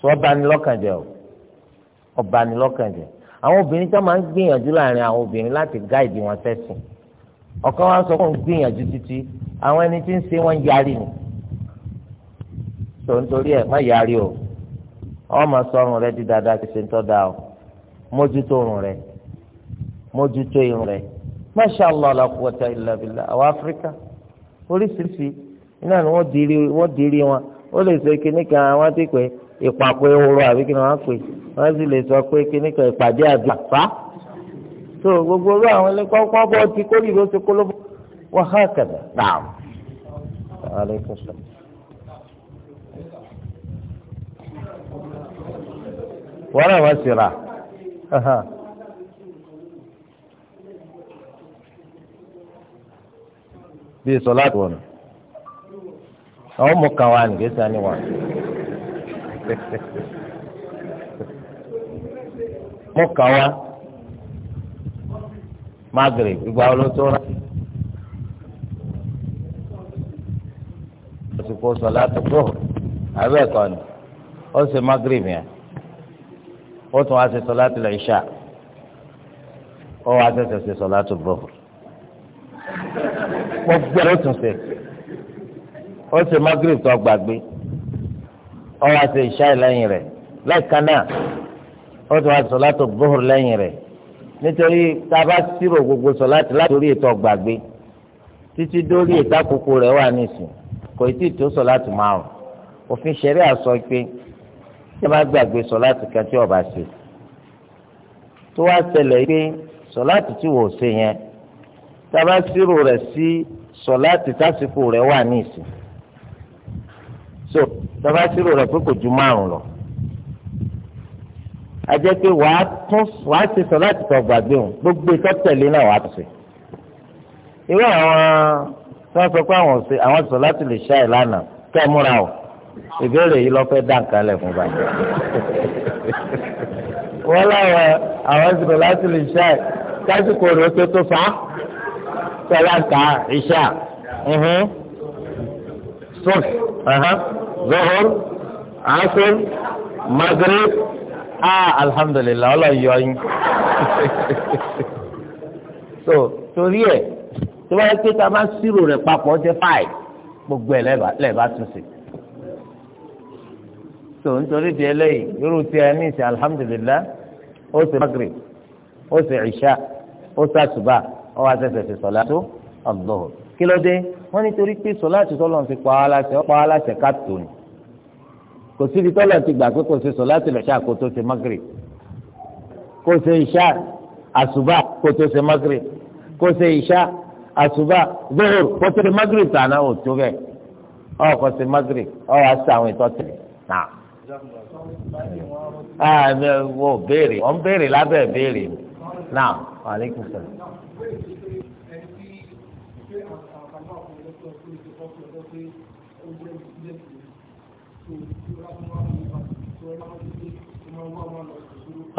sọ bá lọ́kàn jẹ́ o ọba àwọn obìnrin tó máa ń gbìyànjú láàrin àwọn obìnrin láti gáìdì wọn sẹ́sìn ọ̀kan wá sọ fún gbìyànjú títí àwọn ẹni tí ń ṣe wọ́n yarí ni tó o wọ́n máa sọ ọrùn rẹ di dáadáa kí ṣe ń o mójútó ọrùn rẹ mójútó irun rẹ masha allah la àwọn áfíríkà oríṣiríṣi iná ni wọ́n dirí wọn ó lè ṣe àwọn àti pé ìpàpọ̀ ehoro àbí kí ni wọ́n pè wọ́n sì lè sọ pé kí nìkan ìpàdé àdúrà fa. tó gbogbo orú àwọn ilé kọ́kọ́ bọ́ ti kórè ló ti kólóbó wọ́n hàn kẹ̀dẹ̀ náà. wọ́n náà wọ́n sì rà. sọlá tó wọn àwọn ọmọ kan wà nìgbésí àníwọ̀n mọ́kà wa Maghrib ìgbà wo ló tó rà. àsìkò sọlá tó tó àbẹ́ ẹ̀kọ́ ni ó sì Maghrib yẹn ó tún wá sí sọlá tó lọ ìṣá ó wá sẹ̀sẹ̀ sí sọlá tó bọ̀ gbogbo ẹ̀ ló tún sẹ̀ ó sì Maghrib tó gbàgbé ọwọ́ àti ìṣáì lẹ́yìn rẹ̀ lẹ́ẹ̀kan náà ó tún wá sọ̀látò gbóhùr lẹ́yìn rẹ̀ nítorí tá a bá sírò gbogbo sọ̀látì látòrí ètò ọgbàgbé títí dórí ètò àkókò rẹ̀ wà nísìn kò tí ì tó sọ̀látì márùn òfin ṣẹ̀rí àsọ pé tí a bá gbàgbé sọ̀látì kan tí ọba ṣe tó wá ṣẹlẹ̀ pé sọ̀látì tí wò ṣe yẹn tá a bá sírò rẹ̀ sí sọ̀látì tásìkò rẹ̀ wà nísìn so tọ́ba ṣírò rẹ̀ pé kò ju márùn lọ. a jẹ́ pé wàá tún wàá ṣe sọ láti tọ̀ gbàgbé òun gbogbo ìtọ́ tẹ̀lé náà wàá ṣe. irú àwọn tí wọ́n sọ pé àwọn ṣe àwọn sọ láti lè ṣá ẹ̀ kẹ́ ẹ múra o ìbéèrè yìí lọ́fẹ́ dá nǹkan lẹ̀ fún bàjẹ́. wọ́n láwọn àwọn sọ láti lè ṣá ẹ̀ kásìkò rẹ̀ tó tó fa sọ láǹkà ìṣá. sọ́ọ̀sì zohor asr magrib ah alhamdulilah ọlọ́yọ yín so torí ẹ̀ tí wọ́n yẹ kí tá a máa ṣírò rẹ̀ papọ̀ ó jẹ́ gbogbo ẹ̀ lẹ́ẹ̀bá tún sí so nítorí di eléyìí irú tí a ní ìsìn alhamdulilah ó sì magrib ó sì ìṣá ó sàtúbà ó wá sẹsẹ sí sọlá tó ọgbọhùn kí ló dé wọ́n nítorí pé sọláàtì tọ́lọ̀ ti pa á láṣẹ pa á láṣẹ káàtó ni kò síbi tọ́lọ̀ ti gbà pé kò ṣe sọláàtì lọ́ṣà kó tó ṣe magrib kó ṣe ìṣá àṣùbà kó tó ṣe magrib kó ṣe ìṣá àṣùbà zuhur kó ṣe magrib tàná ò tó bẹ́ẹ̀ ọ̀ kó ṣe magrib ọ̀ wá sí àwọn ìtọ́tẹ̀lẹ̀ náà àmì wo béèrè wọn béèrè lábẹ́ béèrè náà wàlẹ́kùn sọ̀rọ̀.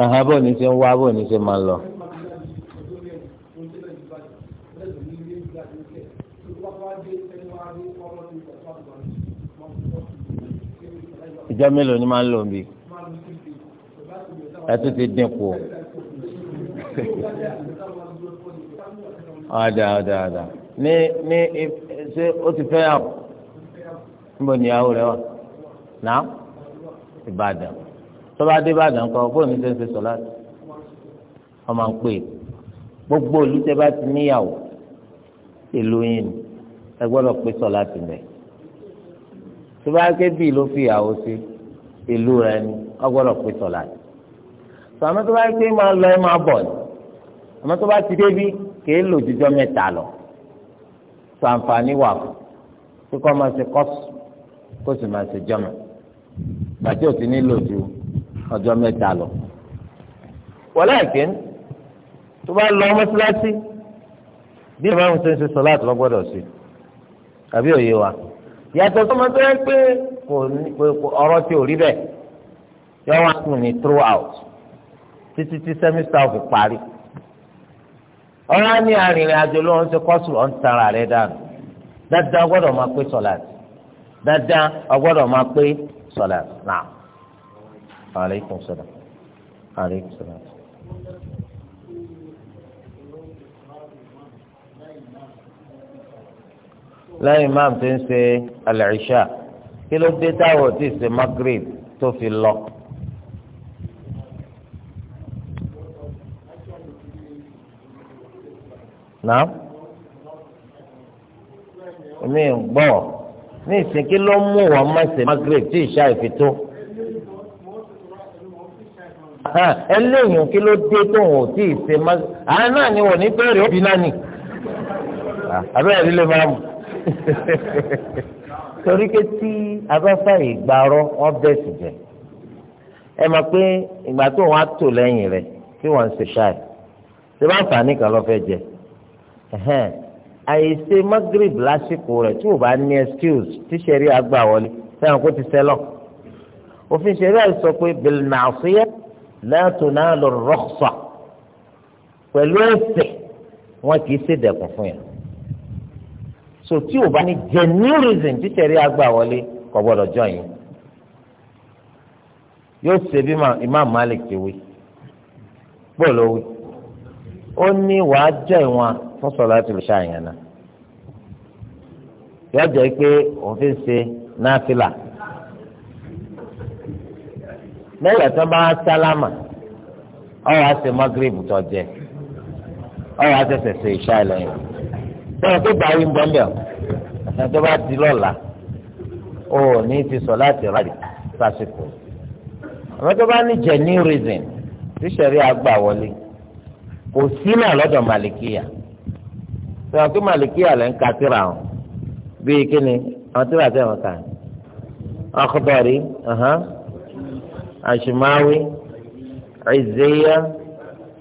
àhán bò ní ṣe ń wá bò ní ṣe máa lọ. ìjọ mélòó ni máa ń lò ń bi ẹ tún ti dín kù ọ̀dà ọ̀dà ọ̀dà ní ní ṣé ó ti fẹ́ yàwó níbo ni ìyàwó rẹ wà náà Ìbàdàn tọ́ba dé Ìbàdàn kan bóun ní sẹ́sẹ́ sọ láti ọmọ ń pè gbogbo olùtẹ́ bá ti níyàwó ìlú yín ni ẹ gbọ́dọ̀ pé sọ láti mẹ́ tó bá ké bíi ló fi ìyàwó sí ìlú rẹ ni ọ gbọ́dọ̀ pé sọ láti sọmọ tó bá ké máa lọ ẹ máa bọ̀ ni ọmọ tó bá ti débi kèé lò jíjọ́ mẹ́ta lọ sọ àǹfààní wà fún kíkọ́ máa ṣe kọ́sù kó sì máa ṣe jọ́mọ̀ bàtí ò ti nílò ju ọjọ́ mẹ́ta lọ. walakin tó bá lọ mọ́sálásí bí ìmọ̀ àwọn sẹ́ńsẹ́ sọ láti lọ́gbọ́dọ̀ sí àbí òye wa. yàtọ̀ sọmọ tó yẹ pé kò ọ̀rọ̀ tí ò rí bẹ́ẹ̀ yọ wọn kù ní throughout títí tí sẹ́mísítà ò fi parí. ọ̀rọ̀ á ní arìnrìn àjò ló ń ṣe kọ́sù ọ̀ ń tara rẹ̀ dànù dáadáa ọgbọ́dọ̀ máa pé sọ̀lá dáadáa ọgbọ́dọ̀ máa pé sọ̀lá náà aleykum salaam aleykum salaam. lẹ́yìn máa ti ń ṣe àlẹ́ṣà kí ló dé táwọn ti ṣe magrib tó fi lọ. náà èmi ń gbọ́ ní ìsìn kí ló mú wọn má ṣe magrib tí ìṣá ìfi tó ẹlẹ́yìn kí ló dé tóun ò tí ì ṣe má àá náà ni wọ́n ní bẹ́ẹ̀rẹ̀ ó bí náà nì abẹ́rẹ́ líle máa mú torí pé tí abáfà ìgbàrọ wọn bẹ́ẹ̀ sì jẹ ẹ mọ̀ pé ìgbà tó wọn á tò lẹ́yìn rẹ̀ tí wọ́n ń ṣe ṣáì ṣe bá ń fà ní kan lọ́fẹ́ jẹ àìsè magrib lásìkò rẹ̀ tí ò bá ní excuse tí sẹ́rí àgbà wọlé sẹ́wọ̀n kó ti sẹ́lọ̀ òfin sẹ́rí àìsọ pé bẹ̀rẹ̀ nàásìyẹ́ la tunalu ar-rukhsa pẹ̀lú ẹ̀ṣẹ̀ wọn kì í ṣe dẹ̀kun fún yẹn so tí o bá ní genuine reason títẹ̀rí àgbà wọlé kò gbọ́dọ̀ jọ yín yóò ṣe bí Imam Malik ti wí bóòlù wí ó ní wàá jọ ìwọn fún salatul isha yẹn náà yọjọ pé òun fi ṣe náfìlà lẹ́yìn ẹ̀sán bá sálámà ọ̀rọ̀ àti magreth tó jẹ ọ̀rọ̀ àti ṣẹ̀ṣẹ̀ ìṣá ìlẹ̀yìn sọ̀rọ̀ tó bá yín bọ́lẹ̀ ọ̀ ẹ̀sán tó bá di lọ́la ó ní ti sọ láti rà sásìkò àwọn tó bá ní genuine reason tí sẹ̀rí àgbà wọlé kò sí náà lọ́dọ̀ màlìkíyà sọ̀rọ̀ tó màlìkíyà lẹ́ ń ka síra wọn bíi kíni àwọn tíra tẹ̀ wọ́n kà عشماوي عزية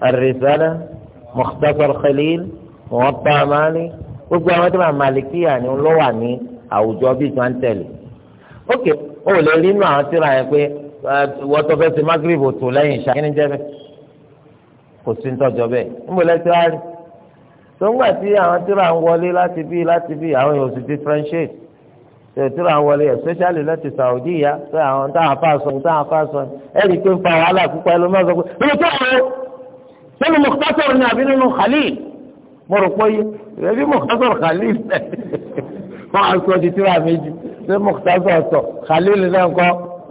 الرسالة مختصر خليل موطأ مالي gbogbo àwọn tó máa malikiya ni ló wà ní àwùjọ bíi tó ń tẹ̀lé ókè ó lè rí inú àwọn tíra yẹn pé wọ́n tó fẹ́ ṣe magrib tó lẹ́yìn ìṣá kíni jẹ́ bẹ́ẹ̀ kò sí ń tọ́jọ́ bẹ́ẹ̀ níbo lẹ́tí wá rí tó ń gbà tí àwọn tíra ń wọlé láti bí láti bí àwọn èèyàn ò sì differentiate tẹ̀tẹ̀rẹ̀ àwọn wọlé especially láti Saudi ya sọ àwọn táwọn afa sọ táwọn afa sọ ẹ rí i pé ń fa wàhálà púpọ̀ ẹ ló máa sọ pé ìlú tó àwọn sẹ́nu Mukhtasar ni àbí nínú Khalil mo rò pé ẹbí Mukhtasar Khalil wọ́n á sọ di tíra méjì ṣé Mukhtasar ọ̀tọ̀ Khalil náà kọ́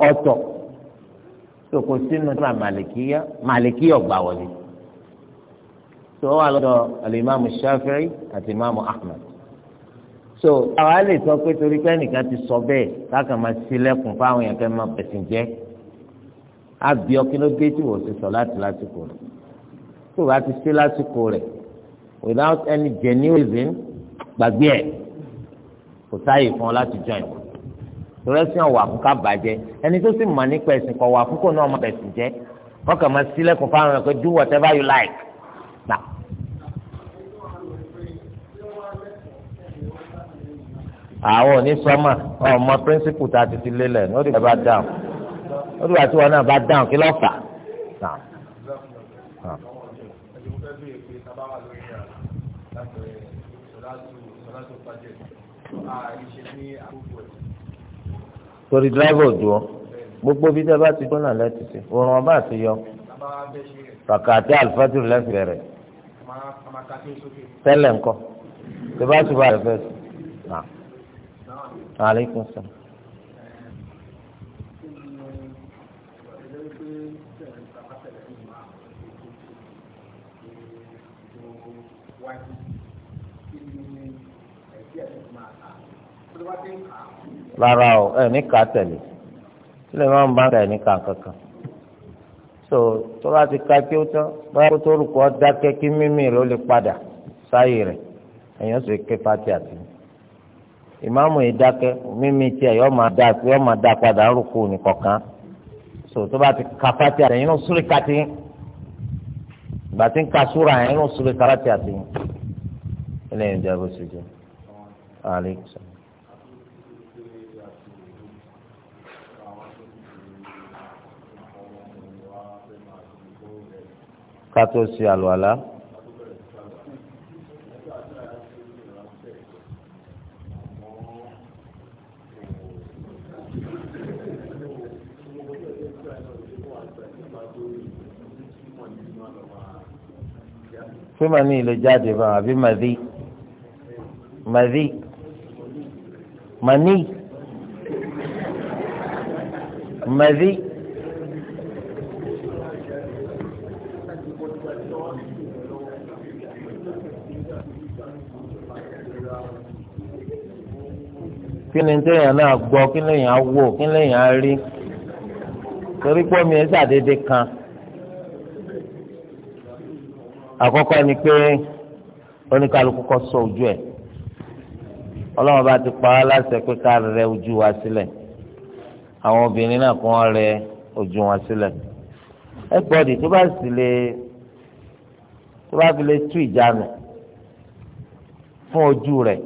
ọ̀tọ̀ tó kò sínú tíra màlìkíyà màlìkíyà ọ̀gbà wọlé tó wà lọ́dọ̀ al Shafi'i àti Imam Ahmad so àwa lè sọ pé torí pé ẹnìkan ti sọ bẹ́ẹ̀ káàkiri máa ṣílẹ̀kùn fáwọn yẹn kẹ́ máa bẹ̀sìn jẹ́ àbí ọkí ló dé tí wò ó ti sọ láti lásìkò rẹ̀ tó o bá ti ṣe lásìkò rẹ̀ without any genuine reason gbàgbé ẹ̀ kò sáàyè fún ọ láti join wọn torí ẹ̀sìn ọ̀wà fún ká bàjẹ́ ẹni tó sì mọ̀ nípa ẹ̀sìn kọ̀ wà fún kò náà máa bẹ̀sìn jẹ́ wọ́n kàn máa ṣílẹ̀kùn fáwọn yẹn pé do whatever you like now. àwọn onísọmọ ọmọ píríncípù tá a ti fi lélẹ̀ ní ó dìgbà bá dáhùn ó dìgbà tí wọn náà bá dáhùn kí ló fà á. torí dírẹ́fà dùn gbogbo bí dẹ́ bá ti gbọ́nà lẹ́tì sí òrùn ọba àti yọ kàkàtí àlùfáàtìrì lẹ́sì rẹ̀ tẹ́lẹ̀ ńkọ́ tí bá ti bá rẹ̀ fẹ́ aleykum salaam. rárá o ẹ ní ká tẹ̀lé máa ń bá ẹ̀ ní ká kankan so tó bá ti ka kí ó tán báyà kó tó rúkọ dákẹ́ kí mímì rẹ̀ lè padà sáyè rẹ̀ ẹ̀yàn sì ké pátí àti mi ìmáàmù yìí dákẹ́ mímí tiẹ̀ yọ máa dá yọ máa dá padà rúkú nìkọ̀kan so tó bá ti ka fati àtẹ̀yìn inú súrì kati ìgbà tí ń ka súrà yẹn inú súrì karati àtẹ̀yìn ilé ìjọba bó ṣe jẹ aleykum. kátó sí àlùwàlá. ṣé màá ní ilé jáde bá àbí màdí màdí màní màdí. kí ni téèyàn náà gbọ́ kí lèèyàn á wò kí lèèyàn á rí torí pé omi ẹ̀ ṣàdédé kan àkọ́kọ́ ni pé oníkàlùkù kọ́ sọ ojú ẹ̀ ọlọ́run bá ti pa á láṣẹ pé ká rẹ ojú wa sílẹ̀ àwọn obìnrin náà kò wọ́n rẹ ojú wọn sílẹ̀ ẹ gbọ́dọ̀ tó bá sì lè tó bá fi lè tú ìjánu fún ojú rẹ̀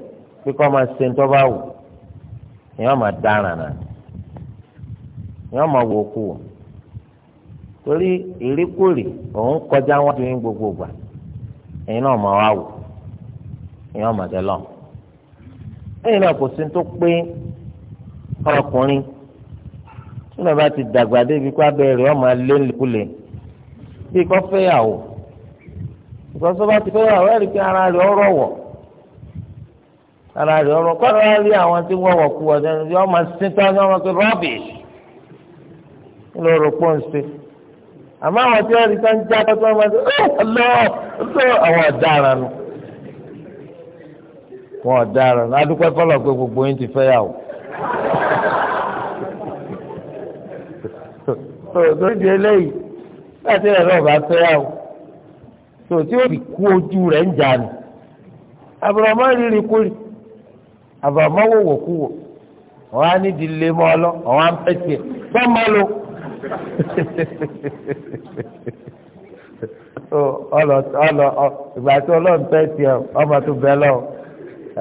pé kọ́ máa ṣe tó bá wù ìyẹn máa dáràn náà ìyẹn máa wò ó kú wò torí ìrékòrè òun kọjá wọn tó ń gbogbo gbà ẹ̀yin náà máa wá wò ẹ̀yin ọmọ tẹ lọ ẹ̀yin náà kò sí tó pé ọkùnrin tí wọn bá ti dàgbà débi kó abẹ́rẹ́ ọmọ alẹ́ ńlẹ́kùlẹ̀ bí kò fẹ́yàwó ìkọ́sọ́ bá ti fẹ́yàwó ẹ̀rí pé ara rẹ̀ ọ̀rọ̀ wọ̀ ara rẹ̀ ọ̀rọ̀ kọ́ ara rí àwọn tí wọ́n wọ̀ kú ọ̀dẹ́ni ọmọ síntọ́ ọmọ pé rọ́bì ńlọrọ̀ pọ́ńsẹ́ àmọ́ àwọn tí wọ́n rí sá ń já tó tó máa ṣe ọlọ́ ọlọ́ àwọn ọ̀daràn nù. wọn ọ̀daràn nù adúpẹ́ fọlọ́ pé gbogbo yín ti fẹ́ yà wò. lórí eléyìí láti ẹ̀rọ ọba fẹ́ yà wò. tó tí ó fi kú ojú rẹ̀ ń jà nù. àbùrọ̀mọ́ rírì kúrì àbùrọ̀mọ́ wòwò kú wò. wọ́n á ní ìdílé mọ́ ọ lọ àwọn á pẹ́ tiẹ̀ bọ́ọ̀ máa lo. Oh, ọlọ ìgbà tí ọlọ́run tẹ́ tiẹ̀ ọmọ tó bẹ lọ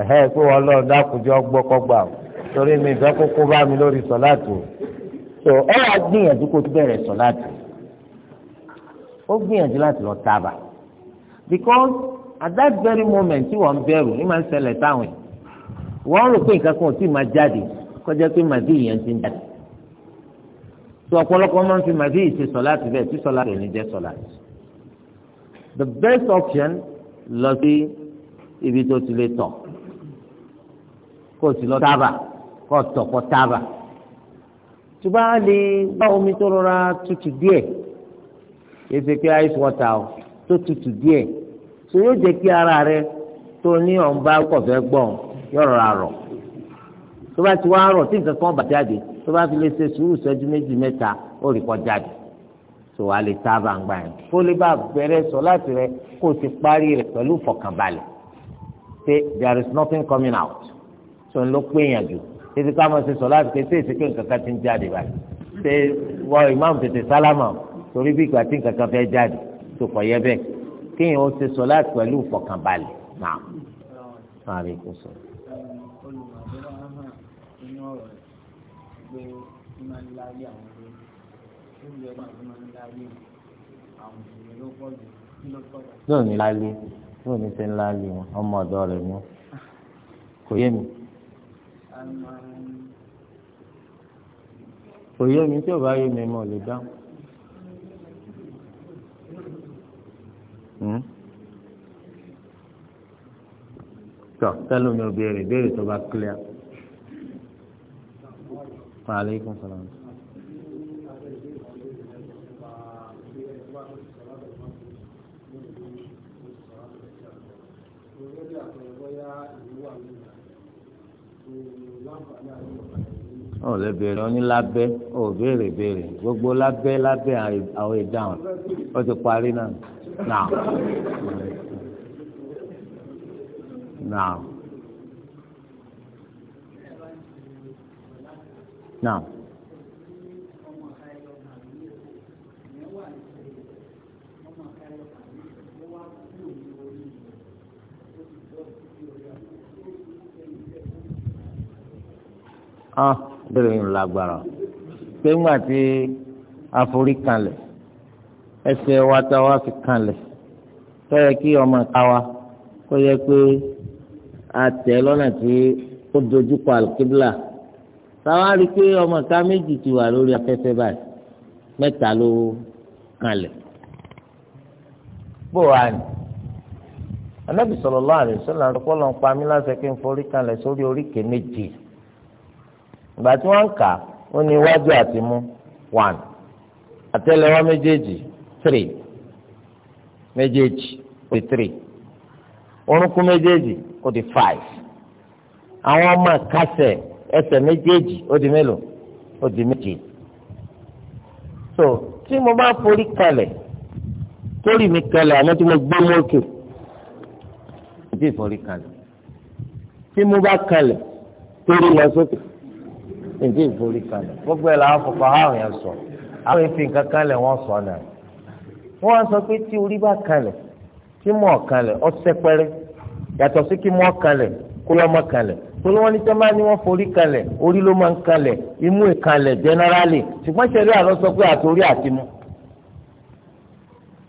ẹ̀hẹ́ pé ọlọ́run dákùjọ gbọ́kọ́gbà torí mi ìfẹ́ kókó bá mi lórí sọ̀láàtì o ọ wá gbìyànjú kó tó bẹ̀rẹ̀ sọ̀láàtì ó gbìyànjú láti lọ tábà because at that very moment tí wọ́n ń bẹ̀rù ní máa ń ṣẹlẹ̀ táwọn wọ́n rò pé nǹkan kan ò tí ì máa jáde kọjá pé màdí ìyẹn ti ń jáde sọ ọ̀pọ̀lọpọ̀ máa ń fi màdí ìṣe sọ̀lá ti bẹ̀ tí sọ̀lá rẹ̀ jẹ́ sọ̀lá. the best option lọ sí ibi tó ti lè tọ̀ kó o sì lọ tábà kó o tọ̀ kó tábà. tó bá lè bá omi tó rọra tutù díẹ̀ kìí ṣe pé ice water o tó tutù díẹ̀ tó yóò jẹ́ kí ara rẹ tó ní ọ̀nba kọ̀fẹ́ gbọ̀n yọ̀rọ̀ rà tó bá ti wá rọ̀ tí nǹkan kan bàjáde tó bá fi lè ṣe sùúrù ṣẹ́jú méjì mẹ́ta ó rí kọ́ jáde tó wàá lè tá a bá yẹn kó lè bá bẹ̀rẹ̀ sọ láti rẹ kó o ti parí rẹ pẹ̀lú fọkànbalẹ̀ pé there is nothing coming out tó ń lọ pé yàn jù títí ká mọ̀ ṣe sọ láti pé ṣéèṣì pé nǹkan kan ti ń jáde báyìí ṣé wọ́n ìmáàmù tètè sálámà torí bí ìgbà tí nǹkan kan fẹ́ jáde tó kọ̀ yẹ bẹ́ẹ̀ kéèyàn ó ṣe sọ láti pẹ̀lú fọkànbalẹ̀ náà. pé kí máa ń láyé àwọn ọmọ tó yẹ wà kí máa ń láyé àwọn ọmọ ló pọ̀ jù kí ló pọ̀ jù. yóò ní láyé yóò ní sẹ́ ń láyé wọn ọmọ ọ̀dọ́ rẹ̀ ni kò yé mi. kò yé mi tí ò bá yé mi mo lè dáhùn. Hmm? tọ́ tẹ́lómi ò béèrè béèrè tó bá clear. Aleykum salaam. ó lè béèrè ó ní lábẹ́ ó béèrè béèrè gbogbo lábẹ́ lábẹ́ àwọn ìdáhùn ó ti parí náà náà náà. náà. ah bẹ́ẹ̀ ni lágbára pé ńgbà tí àforí kanlẹ̀ ẹsẹ̀ wa tá wa fi kanlẹ̀ tọ́yẹ kí ọmọ ìka wa kó yẹ pé a tẹ̀ lọ́nà tí ó dojúkọ alùkíbílà táwa rí i pé ọmọ ká méjì ti wà lórí afẹ́fẹ́ báyìí mẹ́ta ló kalẹ̀. bó wàá ní anábì sallallahu alaihi wasallam lọpọlọ ń pa mí láṣẹ kí n forí kalẹ̀ sórí oríkèé méjì ìgbà tí wọ́n ń kà ó ní iwájú àti mú one àtẹ́lẹwọ́ méjèèjì three méjèèjì ó di three orúnkún méjèèjì ó di five àwọn ọmọ kásẹ̀. ẹsẹ̀ méjèèjì ó di mélòó ó di méje so tí mo bá forí kalẹ̀ torí mi kalẹ̀ àmọ́ tí mo gbé mọ́kè ìdí ìforí kalẹ̀ tí mo bá torí lọ sókè ìdí gbogbo sọ àwọn èèyàn fi nǹkan kalẹ̀ wọ́n sọ náà á sọ pé tí orí bá tí sí kí torí wọ́n ní sẹ́ máa ní wọ́n forí kalẹ̀ orí ló máa ń kalẹ̀ imú ìkalẹ̀ jẹ́nẹ́rálì ṣùgbọ́n ṣẹlẹ̀ àlọ́ sọ pé àtòrí àti mú.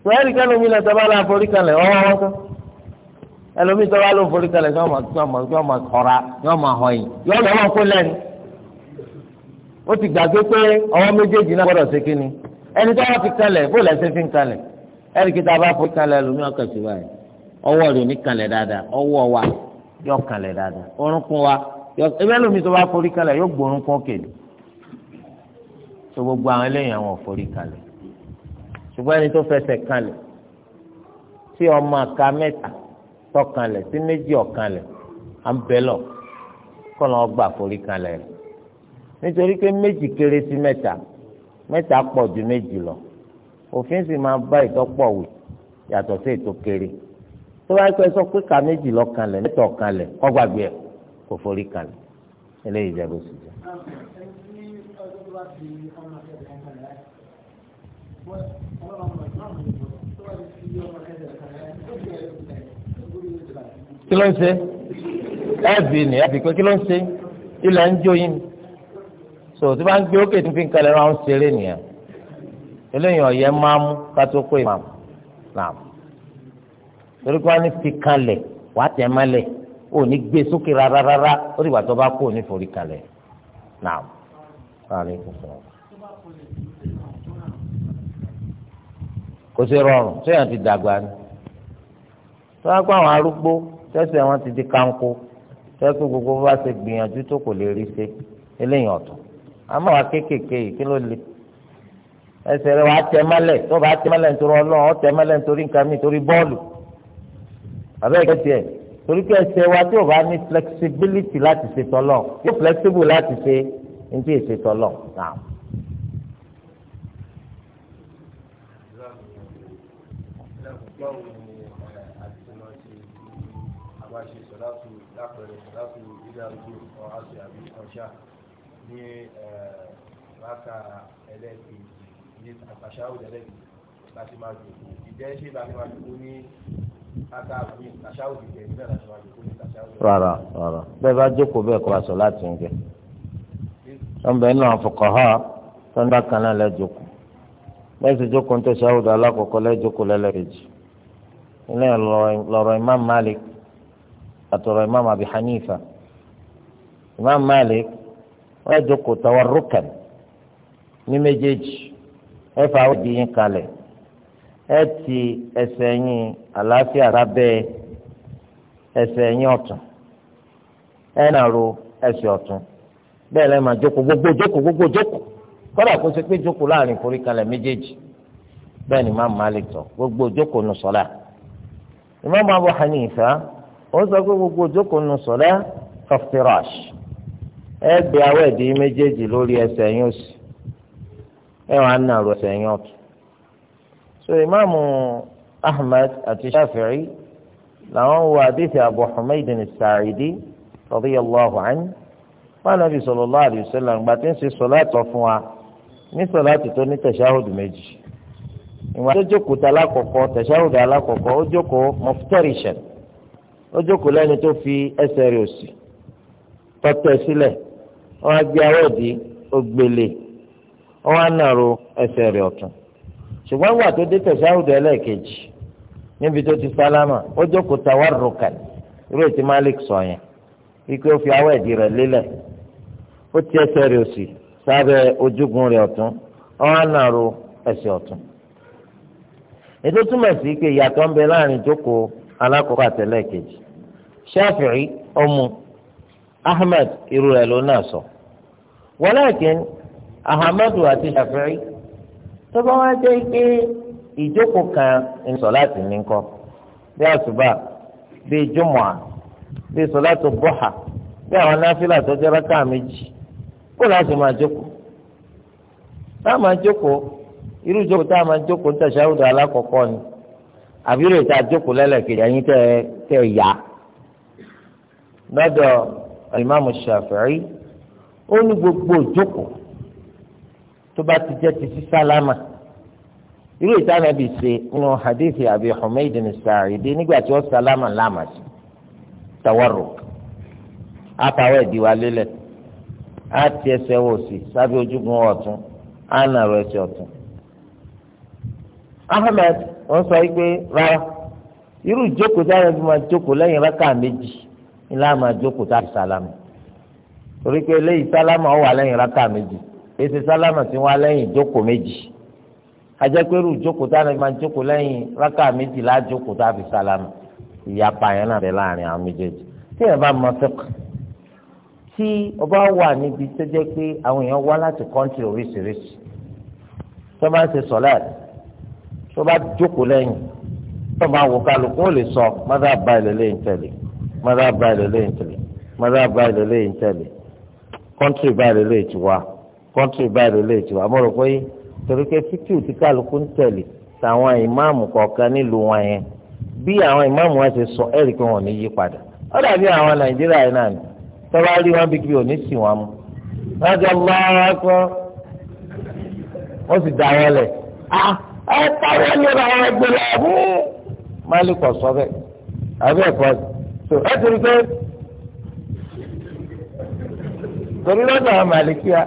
sọ ẹ́rì kẹ́lómi náà tẹ́ bá la forí kalẹ̀ ọ̀hún ọ̀hún kan ẹlòmí tẹ́ bá ló forí kalẹ̀ yọ máa kọ́ra yọ máa họyìn yọ lọ́wọ́ kó lẹ́nu. ó ti gbàgbé pé ọwọ́ méjèèjì náà gbọ́dọ̀ ṣe kíni ẹni tó wọ́n fi yóò kanlẹ̀ dáadáa orúnkún wa ebi ẹlòmíì tó bá forí kalẹ̀ yóò gbórúnkún kéde tó gbogbo àwọn eléyìí àwọn forí kalẹ̀ ṣùgbọ́n ẹni tó fẹsẹ̀ kanlẹ̀ tí ọmọ àka mẹ́ta tọkanlẹ̀ tí méjì ọ̀kanlẹ̀ à ń bẹ lọ kọ́ ló gbà forí kalẹ̀ rẹ̀ nítorí pé méjì kéré sí mẹ́ta mẹ́ta pọ̀ ju méjì lọ òfin sì máa bá ìtọ́pọ̀ wù yàtọ̀ sí ètò kéré. tó bá pẹ́ sọ pé ká méjì lọ kalẹ̀ mẹ́tọ̀ kò forí eléyìí bó sì kí ló ń ṣe ni pé kí ló ń ṣe ilẹ̀ ń jó yín so tí bá ń gbé tó fi ń kalẹ̀ ra ń ṣeré nìyẹn eléyìí ọ̀yẹ́ máa mú ká tó pé máa mú torí kí wọ́n ní fi kanlẹ̀ wà á tẹ̀ mọ́lẹ̀ ò ní gbé sókè rárá rárá ó dìgbà tó bá kú ò ní forí kanlẹ̀ náà kò sí rọrùn sẹ́yìn ti dàgbà ni tó wá gbọ́ àwọn arúgbó tẹ́sẹ̀ wọn ti di kánkó tẹ́sẹ̀ gbogbo bá ṣe gbìyànjú tó kò lè rí ṣe eléyìí ọ̀tọ̀ àmọ́ wa kéékèèké yìí kí ló le ẹsẹ̀ rẹ̀ wàá tẹ mọ́lẹ̀ tó bá tẹ mọ́lẹ̀ nítorí ọlọ́run ó tẹ mọ́lẹ̀ nítorí nǹkan mi nítorí bọ́ọ̀lù abẹ́ ìkẹ́tì ẹ̀ torí pé ẹsẹ̀ wa tí o bá ní flexibility láti ṣe tọ́lọ̀ yóò flexible láti ṣe ní tí èsè tọ́lọ̀ náà. ní rákà ẹlẹ́gbẹ̀ẹ́ láti máa dùn ìdẹ́ṣẹ́ láti máa dùn ní rárá rárá bẹ́ẹ̀ bá jókòó bẹ́ẹ̀ kó aṣọ láti ń jẹ ọmọbẹ nínú àfọkànhá sọńdà kan náà lẹjọkọ bẹ́ẹ̀ sì jókòó ń tẹsí àwùjọ alákọọkọ lẹjọkọ lẹlẹkejì ilé lọ́rọ̀ imam malik àtọ̀rọ̀ imam abi hanifa imam malik wọn jókòó tawarukan ní méjèèjì ẹ fà áwọn ìdíyìn kalẹ̀. ẹ ti ẹsẹ̀ àlàáfíà sábẹ́ ẹsẹ̀ yín ọ̀tún ẹ nàró ẹsẹ̀ ọ̀tún bẹ́ẹ̀ lẹ́ẹ̀ máa jókòó gbogbo jókòó gbogbo jókòó kọ́dà kó ṣe pé jókòó láàrin méjèèjì ni máa máa gbogbo jókòó nù sọ́lá ó sọ pé gbogbo jókòó nù sọ́lá fọ́fíráṣ ẹ gbé awẹ́ẹ̀dì méjèèjì lórí ẹsẹ̀ òsì ẹ wàá so imam ahmed àti shafi'i làwọn wo àdìsí abu ahmed as-sa'idi radiyallahu anhu wọn nàbì sallallahu alayhi wa sallam gbà ń ṣe sọláàtọ̀ fún wa ní sọláàtì tó ní tẹ̀síáhùdù méjì ìwà tó jókòó ó jókòó ó jókòó tó fi òsì á gbé di á nàró ṣùgbọ́n wà tó dé tẹ̀sáhùdù ẹlẹ́ẹ̀kejì níbi tó ti sálámà ó jókòó tawarrukan irú ètí malik sọ yẹn ike ó fi awọ ẹ̀dì rẹ̀ lélẹ̀ ó ti ẹsẹ̀ rẹ̀ òsì sábẹ́ ojúgun rẹ̀ ọ̀tún ọ̀hán náà ro ọ̀tún. ètò túmọ̀ sí pé ìyàtọ̀ ń bẹ láàrin jókòó ahmed irú rẹ̀ ló náà sọ àti ṣáfìrí tó bá wá jẹ́ pé ìjókòó kan ń sọ láti ní kọ́ bí àṣùbà bí jùmọ̀à bí sọ̀láàtù bọ́hà bí àwọn náfìlà tó jẹ́ rákà méjì kó láti máa jókòó tá a máa jókòó irú jókòó tá a máa jókòó ní tàṣàhúdù alákọ̀ọ́kọ́ ni àbí rè tá a jókòó lẹ́lẹ̀kejì ẹ̀yin tẹ́ tẹ́ yá lọ́dọ̀ Ìmáàmù Ṣàfi'í ó ní gbogbo jókòó tó bá ti jẹ́ ti sí sálámà irú ìtànàbì ṣe nínú hadithi abi humayd as-sa'idi nígbà tí wọ́n sálámà láàmà sí tawarruk àtàwọn ìdíwà lélẹ̀ á ti ẹsẹ̀ wò sí sábẹ́ ojúgun ọ̀tún á nà rọ ẹsẹ̀ ọ̀tún. ahmed wọ́n sọ wípé rárá irú ìjókòó tí àwọn ẹbí máa jókòó lẹ́yìn rákà méjì ńlá máa jókòó tá a sálámà torí pé eléyìí sálámà ó wà lẹ́yìn rákà méjì. Ese sálámà tí wọn lẹ́yìn ìjókòó méjì ajẹpẹrù ìjókòó tá a lè máa jókòó lẹ́yìn rákà méjì lájókòó tá a fi sálámà ìyapa yẹn náà bẹ láàrin àwọn méjèèjì tí ẹ bá mọ fẹk tí ọba wà níbi tó jẹ́ pé àwọn èèyàn wá láti kọ́ńtì oríṣiríṣi tó bá ń ṣe sọláàtì tó bá jókòó lẹ́yìn tó bá wò kálukú ó lè sọ mọ́tà báyìí lélẹ́yìn tẹ̀lé mọ́tà báyìí lélẹ́yìn tẹ̀lé mọ́tà báyìí lélẹ́yìn tẹ̀lé kọ́ńtì báyìí lélẹ́yìn tiwa. kọ́ńtì báyìí lè tù wá rò pé torí pé fíkìú kálukú ń tẹ̀lé ìmáàmù kọ̀ọ̀kan nílùú wọn yẹn bí sọ pé wọn ò ní yí padà ó dàbí àwọn nàìjíríà yìí náà ni tọ́ba rí wọn bí kí ò sì wọn mú wọn jọ kọ́ wọ́n sì lẹ̀ ẹ táwọn ní ọ̀rọ̀ àwọn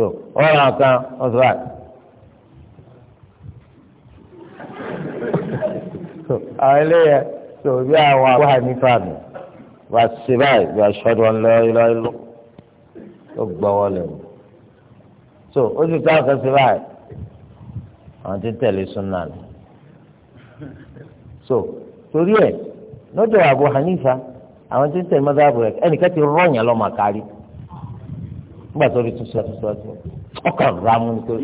so ọ̀rọ̀ kan ọ̀sọ̀ àti. so àwọn eléyẹ so bí àwọn àbúrò ànífà mi wà sí báyìí wà sọ́dọ̀ ńlọ ìlọ ìlú ó gbọ́wọ́ lẹ́nu so ó sì ká àkọsí báyìí àwọn tí ń tẹ̀lé súnà ni so torí ẹ̀ lọ́dọ̀ àbúrò àwọn tí tẹ̀lé mọ́tò àbúrò ẹnìkan ti rọ̀yàn lọ́mọ kárí nígbà tó rí túnṣe àtúnṣe àtúnṣe ọkà ramu ni pé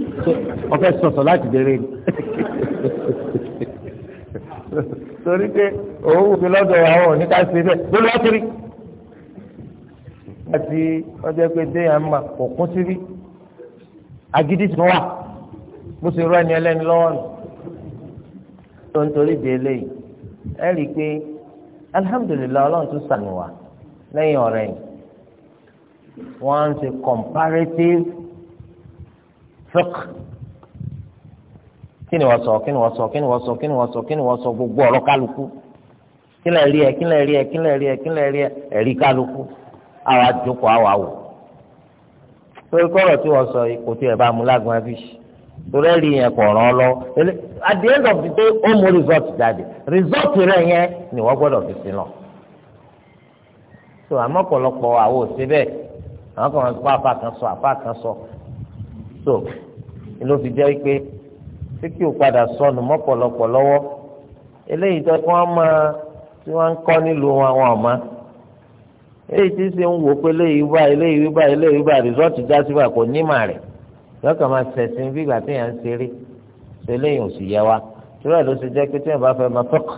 ọfẹ sọsọ láti dèrè ni torí pé òun wù mí lọ́dọ̀ ìyàwó òní ká ṣe bẹ́ẹ̀ lórí wọ́n ti rí àti ọjọ́ pé déyàn mà kò kún sí rí agídí tún wà bó ṣe rọ ẹni ẹlẹ́ni lọ́wọ́ nù tó ń torí di eléyìí ẹ rí i pé alihamudulilayi ọlọ́run tún sàmì wá lẹ́yìn ọ̀rẹ́ wọ́n ń ṣe comparative fiqh kí ni wọ́n sọ kí ni wọ́n sọ kí ni wọ́n sọ kí ni wọ́n sọ kí ni wọ́n sọ gbogbo ọ̀rọ̀ kálukú kí lè rí ẹ kí lè rí ẹ kí lè rí ẹ kí lè rí ẹ ẹ̀rí kálukú àwa jókòó àwa wò torí kọ́rọ̀ tí wọ́n sọ kò tí ẹ̀ bá mu lágbọ́n abíṣì torí ẹ̀rí yẹn kò ràn ọ́ lọ at the end of the day ó mú result jáde result rẹ̀ yẹn ni wọ́n gbọ́dọ̀ fi sí náà so àmọ́ pọ̀lọpọ̀ àwọn òsè bẹ́ẹ̀ àwọn kan máa kó apá kan sọ apá kan sọ so ló fi jẹ́ pé tí kí o padà sọnù mọ́pọ̀lọpọ̀ lọ́wọ́ eléyìí tó kí wọ́n máa tí wọ́n ń kọ́ nílùú wọn àwọn ọ̀ma eléyìí tí ṣe ń wò pé eléyìí wá eléyìí wá eléyìí wá rìsọ́ọ̀tì já sí wa kò ní mà rẹ̀ lọ́kàn máa ṣẹ̀sìn bí ìgbà téèyàn ń ṣeré ṣe eléyìí ò sì yẹ wa tura ló ṣe jẹ́ pé téèyàn bá fẹ́ máa tọ́kà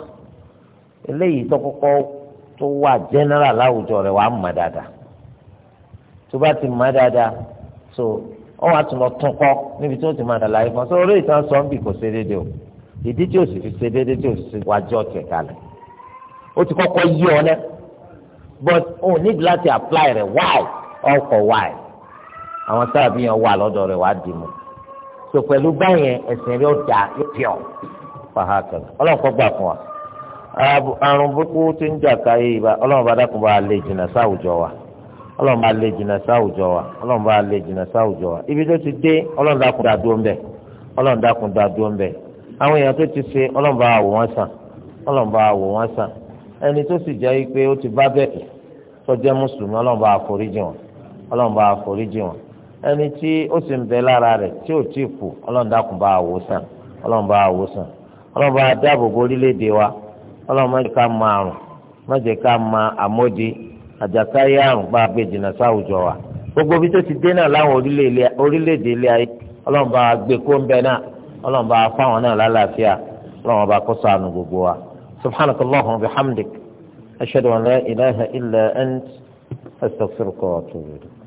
eléyìí tó kọ́kọ́ tó wà general láwùjọ rẹ̀ wà mọ̀ dáadáa tó bá ti dáadáa so wọn wá tún lọ tún kọ níbi tí wọn ti máa dàlàyé fún ọ sọ orí ìtàn sọ ko kò ṣe o ìdí tí o sì fi ṣe tí o sì wájú o ti kọ́kọ́ yí ọ lẹ but o níbi láti apply rẹ why ọkọ why àwọn sábàbí yẹn wà lọ́dọ̀ rẹ wàá dì so pẹ̀lú báyẹn rẹ ó dà gbà fún wa ti ń jà káyé bá dákun bá lè wa. ọlọ́run bá lè jìnnà sáwùjọ wa ọlọ́run bá lè ibi tó ti dé ọlọ́run dákun dá dúró ń bẹ̀ àwọn èèyàn tó ti ṣe ọlọ́run bá wò wọ́n sàn ọlọ́run bá wò wọ́n sàn ẹni tó sì jẹ́ pé ó ti bá bẹ̀rẹ̀ tó jẹ́ mùsùlùmí ọlọ́run bá foríjì wọn ọlọ́run bá foríjì wọn ẹni tí ó sì ń bẹ lára rẹ̀ tí àjàkáyé àrùn bá gbé jìnnà sáwùjọ wa gbogbo bí tó ti dé náà láwọn orílẹ̀-èdè ilé ayé ọlọ́run bá gbé kó ń bẹ náà ọlọ́run bá fáwọn náà lálàáfíà ọlọ́run bá kó sànù gbogbo wa subhanaka allahumma wa bihamdik ashhadu an la ilaha illa ant astaghfiruka wa atubu